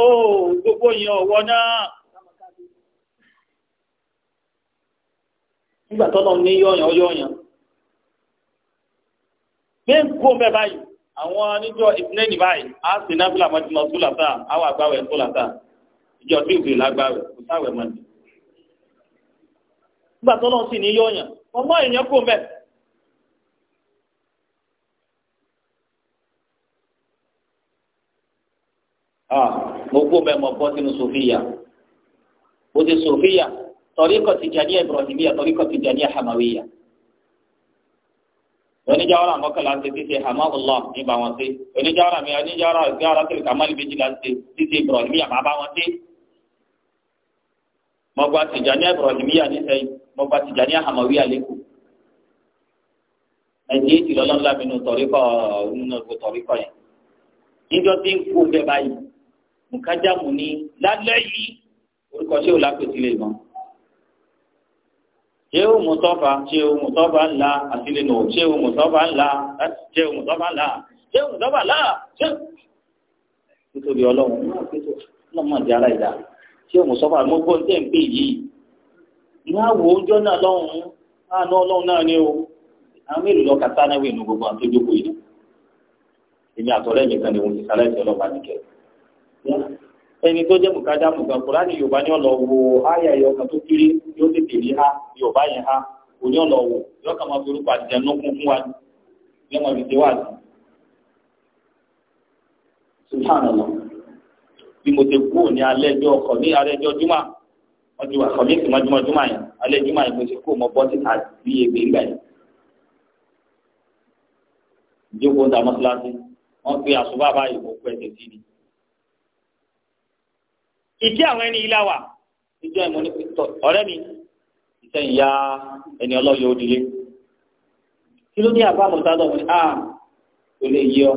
gbogbo yẹn ọ̀wọ́ nígbà tọ́lọ̀ ní yọ̀yàn yọ̀yàn gbé nkó mẹ́ báyìí àwọn níjọ ìsinẹ́ni báyìí á sì náà fúlà mọ́tì mọ́ sùlà sáà àwọn àgbáwẹ̀ sùlà sáà ìjọ tí ìwé lágbáwẹ̀ kò sáwẹ̀ mọ́ ni. nígbà tọ́lọ̀ sì ní yọ̀yàn ọmọ èèyàn kó mẹ́. Ah, mo kó mẹ́ mọ́ bọ́ sínú sòfíà ó ti sòfíà tọ̀ríkọ̀ tìjàníyà ibrahimiya tọ̀ríkọ̀ tìjàníyà hamawiya oníjàwara mọ́kànlá ṣe títí hamahullah ní bá wọn ṣe oníjàwara mi oníjàwara ìgbéyàwó kiri kamali méjìlá ṣe títí ibrahimiya má bá wọn ṣe mọ́gbà tìjàníyà ibrahimiya nísẹ́yìn mọ́gbà tìjàníyà hamawiya lẹ́kọ̀ọ́ ẹ̀jẹ̀ ètò lọ́lọ́lá mi nù tọ̀ríkọ̀ nù tọ̀ríkọ̀ yẹn níjọ́ tí ń kú bẹ́ẹ̀ báyìí mùkájàmù ni lálẹ́ yìí orúkọ ṣé ò lápẹ̀tì lè mọ́ ṣéwù mùtọ́fà ṣéwù mùtọ́fà ńlá àti lẹ́nu ṣéwù mùtọ́fà ńlá ṣéwù mùtọ́fà ńlá ṣéwù mùtọ́fà ńlá ṣéwù. nítorí ọlọ́run náà mọ̀ ní ara ìdá ṣéwù mùtọ́fà mo gbọ́ ní tẹ̀m̀pé yìí ní àwọ̀ oúnjẹ náà lọ́hùn-ún àánú ah, ọlọ́run náà ni o àwọn mélòó lọ kàtá náà wẹ̀ nù gbogbo àti ojú yìí èmi àtọ̀rẹ́ mi kan ni mo ti sálẹ̀ ẹni tó jẹ́ bùkádà mùgà kúránì yorùbá ni ọ̀lọ́ wo àyà ẹ̀yọ kan tó kéré yóò tètè rí ha yorùbá yẹn ha kò ní ọ̀lọ́ wo yóò kà máa fi orúkọ àtìjẹnú kún fún wa ní ọmọ ìdíje wà sí. subhanallah bí mo ti kú ní alẹ́jọ́ ọkọ̀ ní alẹ́jọ́ júmọ̀ wọ́n ti wà kọ́ ní ìsìnmọ́ júmọ̀ júmọ̀ yẹn alẹ́ júmọ̀ yẹn mo ti kú mọ́ bọ́sì àti ebè ńgbà yẹn. ìjókòó ta mọ́sálásí wọ́n fi àṣùbà ìdí àwọn ẹni ilá wa ìjọ ìmọ̀ ní pẹ̀tọ̀ ọ̀rẹ́ mi ìsẹ̀yìn ya ẹni ọlọ́yọ̀ òdìlé kí ló ní àbámu sádọ̀ wọn a ah, kò lè yí ọ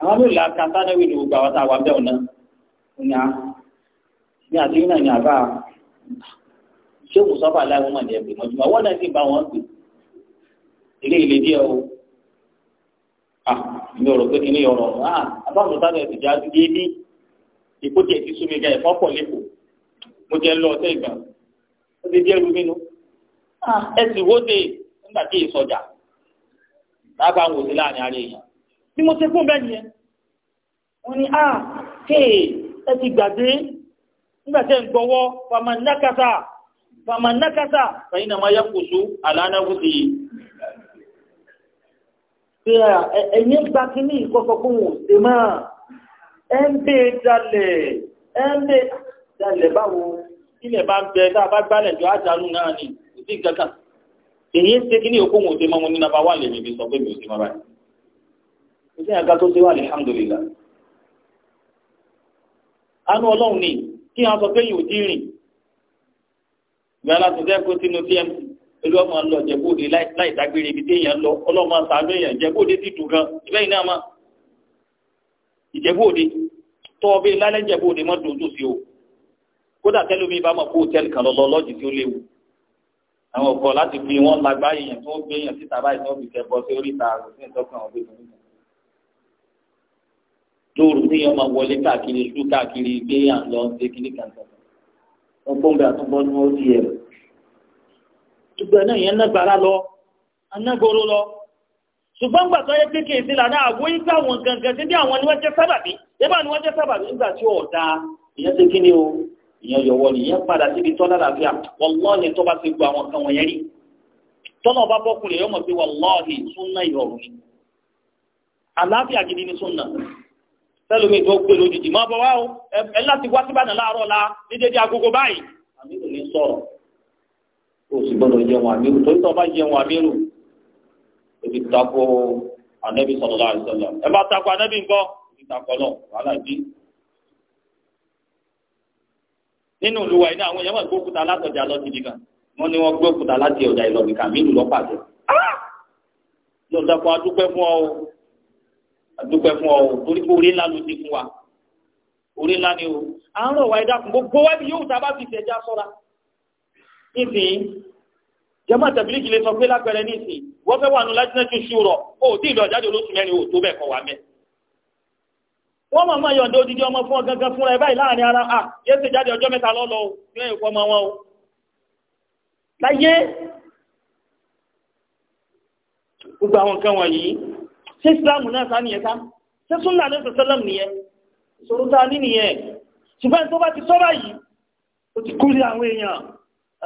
àwọn mélòó la ka sádẹ́wì ní gbogbo àwọn tá a wà bẹ́ẹ̀ ọ̀nà ọ̀nà ní ah, àti yín náà ní àbá ṣé òun sọ́fà láì wọ́n mà ní ẹgbẹ́ mọ́júmọ́ wọ́n náà sì bá wọn pè ilé ilé díẹ̀ o à ah, mi ò rò pé kí ni ọ̀rọ̀ àbámu sádọ̀ ẹ̀ èkó tiẹ̀ ti sún mi gan ẹ̀fọ́ pọ̀ lẹ́kọ̀ọ́ mo jẹ́ lọ ọ̀tẹ́ ìgbà ó ti dẹ́rù mí nu ẹ sì wóde nígbà tí èso ọjà lábàá wò sí láàrin ara èèyàn bí mo ṣe fún bẹ́ẹ̀ yẹn wọ́n ní ah kéè ẹ ti gbàgbé nígbà tẹ́ ń gbọ́wọ́ fama nákàtà fama nákàtà fẹ̀yìn náà máa yẹ kó so àlànà kó sì yìí. ṣé ah, ẹ̀yin gba kínní ìkọ́sọ́kùn ò máa ẹ̀ńdẹ́ jalè ẹ̀ńdẹ́ jalè báwo ilẹ̀ bá ń bẹ tá a bá gbálẹ̀ jọ àjálù náà ni kò sí kankan èyí ń ṣe kí ní òkú òun ò ṣe mọ́ mo ní nàbà wà lèmi sọ pé mi ò ṣe mọ́ báyìí kò sí àga tó ṣe wà alhamdulillah anú ọlọ́run ni kí wọ́n sọ pé yìí ò tí ì rìn ìgbà láti fẹ́ kó sínú tmc olú ọmọ lọ jẹ́bóde láì dágbére ibi téèyàn lọ ọlọ́mọ sàánú èèyàn jẹ́bóde ti dùn gan ìbẹ́yìn náà máa ìjẹ̀bú òde tọ́ ọ bíi lálẹ́ ìjẹ̀bú òde mọ́ dòdò sí o kódà tẹ́lómi bá mọ̀ kó hòtẹ́ẹ̀lì kan lọ́lọ́ lọ́ọ̀jì tí ó léwu àwọn ọkọ̀ láti fi wọ́n lágbá èèyàn tó gbé èèyàn síta báyìí tó fi kẹ́ bọ́ sí oríta àròsìn ìtọ́kàn ọ̀gbìn tó ń bọ̀ lóru tí yẹn máa wọlé káàkiri ṣú káàkiri gbé à lọ ṣe kíní kan wọn kó ń àtúbọ ní ó di ẹ. ìgbà náà yẹn nágbára lọ ṣùgbọ́n gbà tó yẹ pé kí èsì lànà àgbo yìí gbà wọn gangan sí bí àwọn ni wọ́n jẹ́ sábàbí yẹ́bà ni wọ́n jẹ́ sábàbí nígbà tí ò da ìyẹn ṣe kí ni o ìyẹn yọwọ́ ni ìyẹn padà síbi tọ́lá làbíà wọlọ́ọ̀ni tó bá ti gbọ́ àwọn kan wọ̀nyẹn rí tọ́lá ọba bọ́kùnrin yóò mọ̀ pé wọlọ́ọ̀ni súnà ìrọ̀rùn ni àlàáfíà gidi ni súnà sẹ́lómi tó gbé lójijì máa bọ̀ wá o ẹ láti wá síbàdàn láàárọ̀ la ebi tako anabi sallallahu alaihi wasallam ẹ bá tako anabi ńkọ́ ebi tako náà wàhálà bí. nínú ìlúwa iná àwọn èèyàn máa gbó òkúta látọjà lọ síbi kan wọn ni wọn gbé òkúta láti ọjà Ìlọrin kan mílù lọpàdé. lọ́dọ̀kọ̀ adúpẹ́ fún ọ o adúpẹ́ fún ọ o torí pé orí ńlá ló ti fún wa orí ńlá ni o à ń rọ̀ wá ẹ̀dá fún gbogbo wáyé yóò tá a bá fi ṣẹ̀dá sọ́ra nísìnyí jama tabiliki le sọ pé lápẹrẹ nísìn wọn fẹ́ wà nù lájínẹtì ṣùrọ o tí ìlú ọjáde olóṣù mẹ́rin o tó bẹ́ẹ̀ kọ wà mẹ. wọn máa máa yọ̀ǹda odidi ọmọ fún ọ gangan fúnra ẹ báyìí láàrin ara a ah, yẹ ṣe jáde ọjọ́ mẹ́ta lọlọ o yóò yẹ kó ọmọ wọn o. láyé gbogbo àwọn nǹkan wọ̀nyí ṣé islam náà sá nìyẹn sá ṣé sunna ní sọsọlọm nìyẹn ìṣòro tá a ní nìyẹn ṣùgbọ́n tó bá ti sọ́ra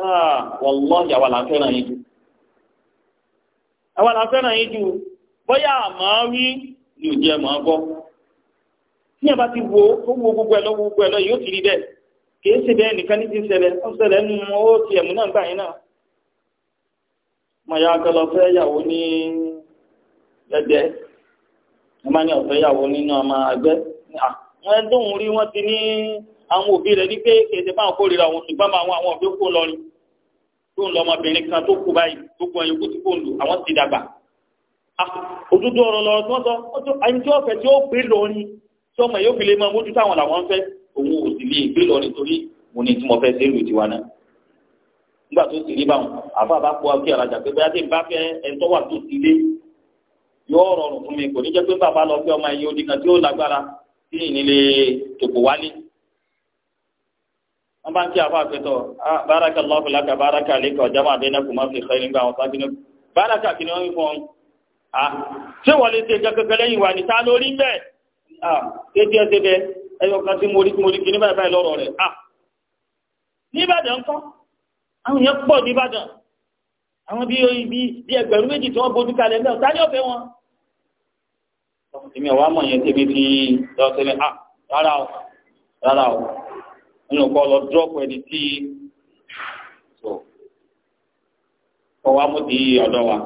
Ah, wọ́lọ́ ìyàwó àlàfẹ́ràn yìí jù àwọn àlàfẹ́ràn yìí jù bóyá àmọ́ rí ni ò jẹ́ bá ti wo gbogbo ẹ̀ gbogbo ẹ̀ yóò ti rí bẹ́ẹ̀ kìí ṣe bẹ́ẹ̀ nìkan ní ti ṣẹlẹ̀ ó ṣẹlẹ̀ ti ẹ̀mú náà gbà yín náà mọ̀ ya akẹ́lọ àwọn òbí rẹ̀ ní pé èdè máa kórìíra òun ṣùgbọ́n máa wọn àwọn òbí kó lọrin tó ń lọ ọmọbìnrin kan tó kú báyìí gbogbo ẹ̀yìn kú tí kò ń lò àwọn ti dàgbà. òdodo ọ̀rọ̀ lọ tí wọ́n sọ ẹni tí ọ̀fẹ́ tí ó gbé lọrin tí ọmọ yóò fi lè máa mójútó àwọn làwọn fẹ́ òun ò sì lè gbé lọrin torí mo ní tí mo fẹ́ sẹ́lù tiwa náà. nígbà tó sì rí báwọn àfa bá kó akí àrajà pé bóyá tí bá fẹ́ ẹni tó tó ti lé yóò rọrùn fún mi kò ní jẹ́ pé bàbá lọ fẹ́ ọmọ ẹ̀yìn odi kan tí ó lágbára tí ìnílé wọ́n bá ń kí àfa àpẹtọ̀ ah, báraka Allahu laka báraka àlékà ọ̀jàmọ́ àdéhùn kò má fi xẹ́ nígbà wọn sábẹ́ ní báraka kìíní wọn fọ́n a ṣé wọ́n lè ṣe kankan lẹ́yìn wa ní ta lórí bẹ́ẹ̀ a kéde ẹsẹ̀ bẹ́ẹ̀ ẹyọ kan tí mo rí mo rí kìíní báyìí báyìí lọ́rọ̀ rẹ̀ a ah, nìbàdàn kọ́ àwọn yẹn pọ̀ nìbàdàn àwọn bí ibi bí ẹgbẹ̀rún méjì tí wọ́n bojú kalẹ̀ náà ta ni ọ̀fẹ́ wọn. èmi ọ̀ wá mọ̀ yẹn tẹ́mi fi lọ́sẹ̀lẹ̀ a ah, rárá o nínú kọ́ lọ dúrọ́pù ẹni tí tó mú ti ọ̀dọ́ wa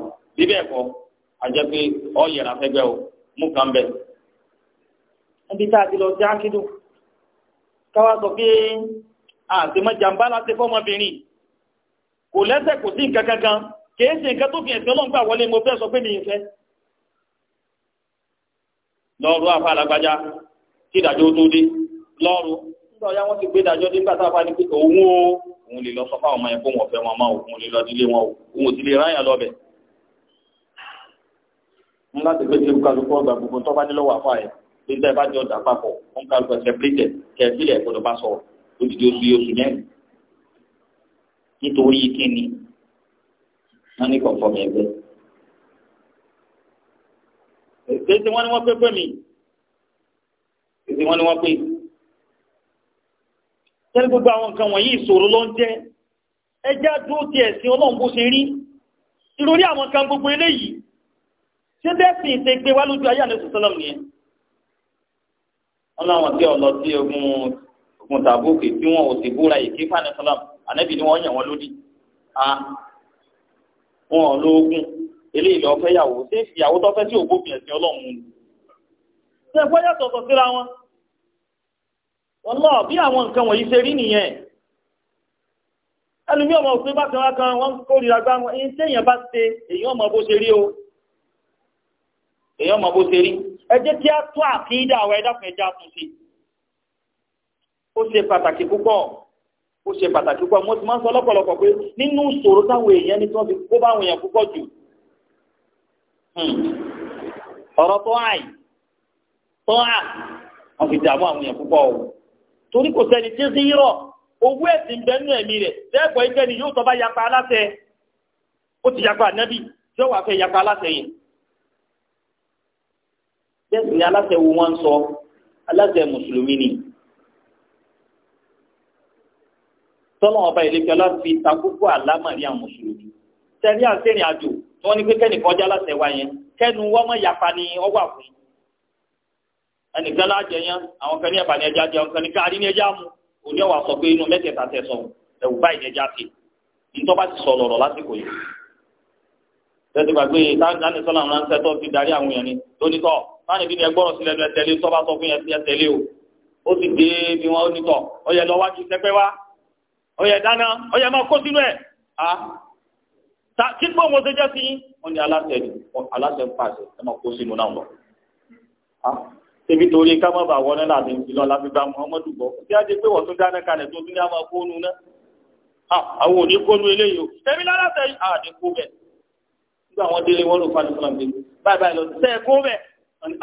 pé ọ yẹra fẹ́gbẹ́ o mú tá a ti lọ sí sọ pé àti mọ́jàmbá láti kò lẹ́sẹ̀ kò sí nǹkan kankan kìí ṣe nǹkan tó fi ẹ̀sìn wọlé mo fẹ́ sọ pé mi lọ́ọ̀rù nígbà ọ̀yá wọn ti gbé ìdájọ́ nígbà tá a bá ní pé òun o òun lè lọ sọ fáwọn ọmọ yẹn fóun ọ̀fẹ́ wọn máa òun lè lọ nílé wọn òun ò sì lè ráyàn lọ bẹ̀. ń láti gbé tí kálukú ọgbà gbogbo tó bá nílọ́wọ́ àfa ẹ̀ pé níta ìbá jọ dàpapọ̀ ń kálukú ẹ̀ sẹ́pẹ́rẹ́tẹ̀ kẹ̀ẹ́fìlẹ̀ gbọdọ̀ bá sọ odidi oṣù oṣù mẹ́rin nítorí kíni wọ́n ní kọ̀ọ̀fọ́ mi ẹgbẹ́. èsì wọn ni wọ́n pé pé mi èsì wọn ni wọ́n pé tẹ́lẹ̀ gbogbo àwọn nǹkan wọ̀nyí ìṣòro ló ń jẹ́ ẹjá dúró ti ẹ̀sìn ọlọ́run bó ṣe rí ìròrí àwọn kan gbogbo eléyìí ṣé bẹ́ẹ̀sìn ṣe gbé wá lójú ayé àlẹ́sùn sọ́lọ́m nìyẹn wọn láwọn tí ọlọ tí ogun ogun tàbókè tí wọn ò sì búra èké fáànì sọ́lọ́m ànábì ni wọ́n yàn wọ́n lódì wọn ò lo ogun eléyìí lọ́ọ́ fẹ́ yàwó ṣé ìyàwó tó fẹ́ sí ògbófin ẹ̀sìn ọlọ́run ni ṣé ẹ̀fọ́ yàtọ̀ sọ síra wọn wọ́lọ́ bí àwọn nǹkan wọ̀nyí ṣe rí nìyẹn ẹlùmí ọmọ òfin bá kan kan wọ́n kórìíra gbá wọn ẹni tí èèyàn bá ṣe èèyàn ọmọ bó ṣe rí o èèyàn ọmọ bó ṣe rí ẹ jẹ́ kí á tún àkídà àwọn ẹ̀dáfún ẹja tún sí ó ṣe pàtàkì púpọ̀ ó ṣe pàtàkì púpọ̀ mo ti máa ń sọ lọ́pọ̀lọpọ̀ pé nínú ìṣòro táwọn èèyàn ní tí wọ́n fi kó báwọn èèyàn púpọ̀ jù hmm. ọ̀rọ̀ tó àì tó à wọ́n fi dààmú àwọn èèyàn púpọ̀ o torí kò sẹ́ni tí ń sí yírọ̀ owó ẹ̀sìn bẹ́ẹ̀ nínú ẹ̀mí rẹ̀ lẹ́ẹ̀kọ́ ẹgbẹ́ ni yóò tọ́ba yapa aláṣẹ ó ti yapa ànábì tí ó wàá fẹ́ yapa aláṣẹ yẹn. bẹ́ẹ̀ ni aláṣẹ wo wọ́n ń sọ aláṣẹ mùsùlùmí ni tọ́lọ́ ọba ìlẹ́kẹ́ láti ta gbogbo àlámàrí àwọn mùsùlùmí tẹ̀lé àṣẹ́rìn àjò tí wọ́n ní pé kẹ́nìkan jẹ́ aláṣẹ wa yẹn kẹ́nu wọ́n mọ̀ yapa ni ọwọ́ àfún ẹnìkan láàjẹ yẹn àwọn kan ní ẹ̀bà ní ẹja jẹ àwọn kan ní káàdì ní ẹja mu òní ọ̀wà sọ pé inú mẹ́tẹ̀ẹ̀ta tẹ̀ sọ ẹ̀wù báyìí ní ẹja fi nítorí bá ti sọ lọ̀rọ̀ lásìkò yìí. tẹ́tí gbàgbé táwọn sọ́nà ránṣẹ́ tó fi darí àwọn èèyàn ni lónítọ̀ táwọn ìbí ni ẹgbọ́rọ̀ sílẹ̀ ní ẹtẹ̀lé tó bá sọ fún yẹn tẹ̀lé o ó sì dé bí wọn ó nítọ̀ ó yẹ lọ wájú sẹ́pẹ́ wá ó yẹ dáná ó yẹ máa kó sínú ẹ̀ á kí pé òun ṣe jẹ́ sí wọn ni aláṣẹ aláṣẹ pàṣẹ ẹ máa kó sínú náà lọ ṣebí torí ká má bàa wọná láti ń filọ́ láti gba muhammadu bọ̀ kí á jẹ́ pé wọ́n tún dáná kalẹ̀ tó tún ní àwọn fóònù náà à àwọn òní kónú eléyìí o èmi lára tẹ àdé kó bẹ̀ nígbà wọn délé wọn ló fa ní fúlàmù bíi báyìí báyìí lọ tẹ kó bẹ̀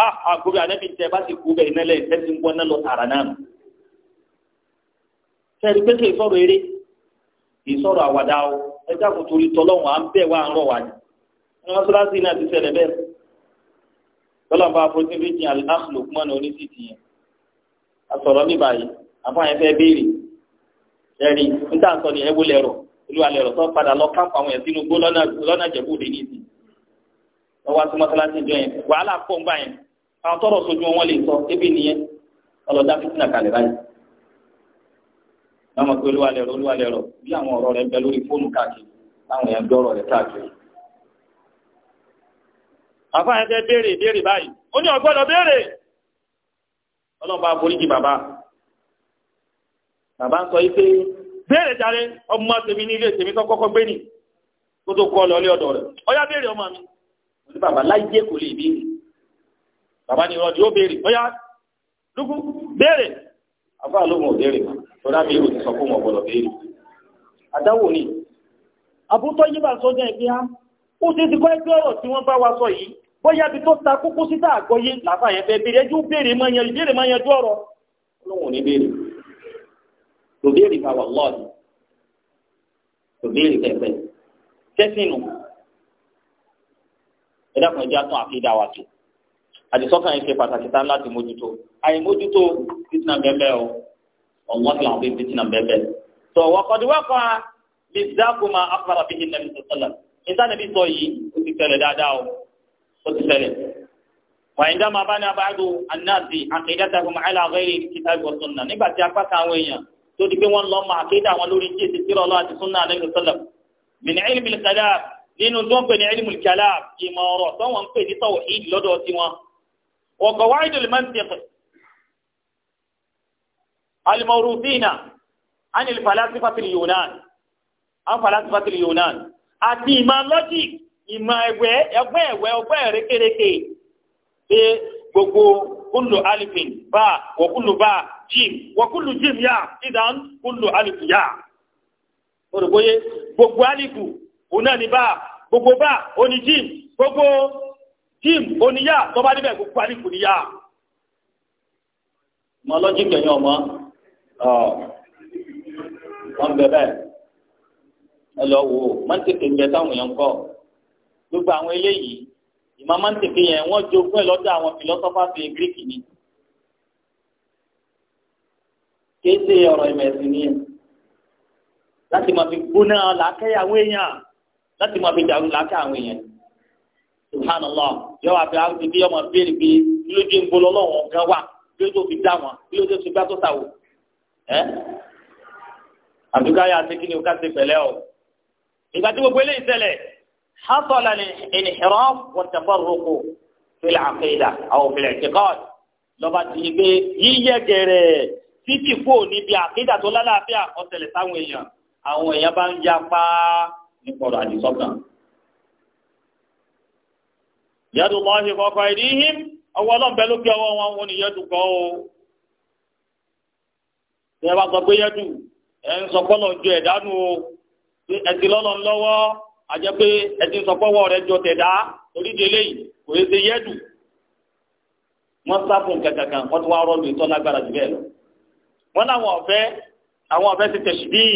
à àgbóbi ànẹ́bí tẹ bá ti kó bẹ̀ iná lẹ̀ tẹ́sí ń wọná lọ tààrà náà nù. sẹ́ẹ̀rì pé kì í sọ̀rọ̀ eré kì í sọ̀rọ̀ àwàdà o ẹ tọ́lọ̀ bá protein rich in al-akhlu kuma ní oníṣìṣì yẹn asọ̀rọ̀ ní báyìí àfọ àyẹn fẹ́ béèrè ẹ̀rí níta sọ ni ẹ̀wọ́ lẹ̀rọ olúwa lẹ̀rọ tó padà lọ káàpù àwọn yẹn sínú gbó lọ́nà jẹ̀bú òde ní ìsìn lọ́wọ́ sí mọ́sálásí ìjọ yẹn wàhálà pọ̀ ń bá àwọn tọrọ sojú wọn lè sọ ebi nìyẹn ọlọ́dà fitinà kalẹ̀ báyìí lọ́mọ pé olúwa lẹ̀rọ olúwa lẹ̀rọ bí àwọn ọ̀rọ̀ rẹ̀ bẹ lórí fóònù káàkiri láwọn rẹ̀ káàkiri àfáà ẹgbẹ́ bèèrè béèrè báyìí ó ní ọ̀gbọ́dọ̀ béèrè ọlọ́ba àforíjì bàbá bàbá ń sọ béèrè ọmọ tèmi ní ilé tèmi kọ́kọ́ gbé ní tó tó kọ́ lọ lé rẹ̀ ọyá béèrè ọmọ mi ní láyé kò bàbá ni ìrọ̀dì ó béèrè ọyá lúkú béèrè ló mọ̀ béèrè tó ìrò ti sọ fún béèrè àdáwò ni àbútọ́ yí bá ó ti ti kọ́ ẹgbẹ́ ọ̀rọ̀ tí wọ́n bá wa sọ yìí ya bí tó ta kókó síta àgọ́yé làfà yẹn fẹ́ béèrè ẹjú béèrè mọ́ yẹn ìbéèrè mọ́ yẹn jú ọ̀rọ̀ ọlọ́run ní béèrè kò béèrè fà wà lọ́ọ̀dì kò béèrè pẹ̀pẹ̀ tẹ́sínù ẹ dákun ẹjẹ́ atún àfihàn wa tó àdìsọ́kàn yẹn ṣe pàtàkì tán láti mójútó àyè mójútó títí náà bẹ́ẹ̀ o ọ̀wọ́n ti làwọn fi títí náà bẹ́ẹ̀ bẹ́ẹ̀ tó wọ́kọ̀dúwọ́kọ̀ ìsànàbí sọ yìí ó ti ṣẹlẹ̀ dáadáa o ó ti ṣẹlẹ̀. وعندما بنى بعض الناس عقيدتهم على غير الكتاب والسنة nígbà tí apá kan àwọn èèyàn tó di pé wọ́n lọ mọ àkídà wọn lórí tí èsì tírà Ọlọ́run àti súnà àlẹ́yìn sọ́lọ̀m min ilmi al-kalam nínú tó ń pè ní ilmi al-kalam ìmọ̀ ọ̀rọ̀ tó wọ́n ń pè ní tawhid lọ́dọ̀ tí wọn. wa qawaid al-mantiq al-mawruthina an al-falasifati al-yunan an falasifati al-yunan àti ìmọ̀ logic ìmọ̀ ẹ̀wẹ́ ẹgbẹ́ ẹ̀wẹ́ ọgbẹ́ ẹ̀rékèrèké pé gbogbo kúlù alifin bá wọ́kúlù bá jim wọ́kúlù jim yá ìdán kúlù alifu yá. olùkóyè gbogbo alifu òun náà ní bá gbogbo bá òní jim gbogbo jim òní yá tọ́ba níbẹ̀ gbogbo alifu ní yá. ìmọ̀ logic ẹ̀yìn ọmọ ọ̀ wọ́n bẹ̀ ẹ lọ wò ó mọ́ntèké ń bẹ táwọn èèyàn ń kọ́ gbogbo àwọn eléyìí ìmọ̀ mọ́ntèké yẹn wọ́n jogún ẹ̀ lọ́dọ̀ àwọn fìlọ́sọ́fàsì gíríkì ni kéde ọ̀rọ̀ ìmẹ̀sìn ni láti máa fi gbóná làákẹ́ àwọn èèyàn láti máa fi dàrú làákẹ́ àwọn èèyàn subhanallah yọ wà bí àwọn ibi ọmọ béèrè pé kí ló dé ń bolo lọ́wọ́ gan wa kí ló tó fi dá wọn kí ló tó fi gbá tó ta wò ẹ́ àdúgbò ayé àti kíni o ká ṣe pẹ̀lẹ́ o. ìgbà tí gbogbo eléyìí ṣẹlẹ̀ hasala ni inhiraf wa tafarruqu fil aqida aw fil ti yí pé títí kú níbi àkídà tó lálàáfíà ọ̀sẹ̀lẹ̀ sáwọn èèyàn àwọn èèyàn bá ń ya pa nípọ̀rọ̀ àdìsọ́kàn. yadu Allahi kọ̀ọ̀kan ìdíhìm ọwọ́ ọlọ́ọ̀bẹ ló gbé ọwọ́ wọn wọn ni o. ẹ bá sọ pé ẹ ń sọ ju o. ẹ̀sìn lọ́lọ́ lọ́wọ́ àjẹ́ pé ẹ̀sìn sọpọ́wọ́ rẹ̀ jọ tẹ̀dá oríṣi eléyìí kò yẹ ṣe yẹ́dù wọ́n sá fún kankankan wọ́n ti wá rọ́ọ̀lù ìtọ́ lágbára jù bẹ́ẹ̀ lọ. wọ́n láwọn ọ̀fẹ́ àwọn ọ̀fẹ́ ti tẹ̀sí bíi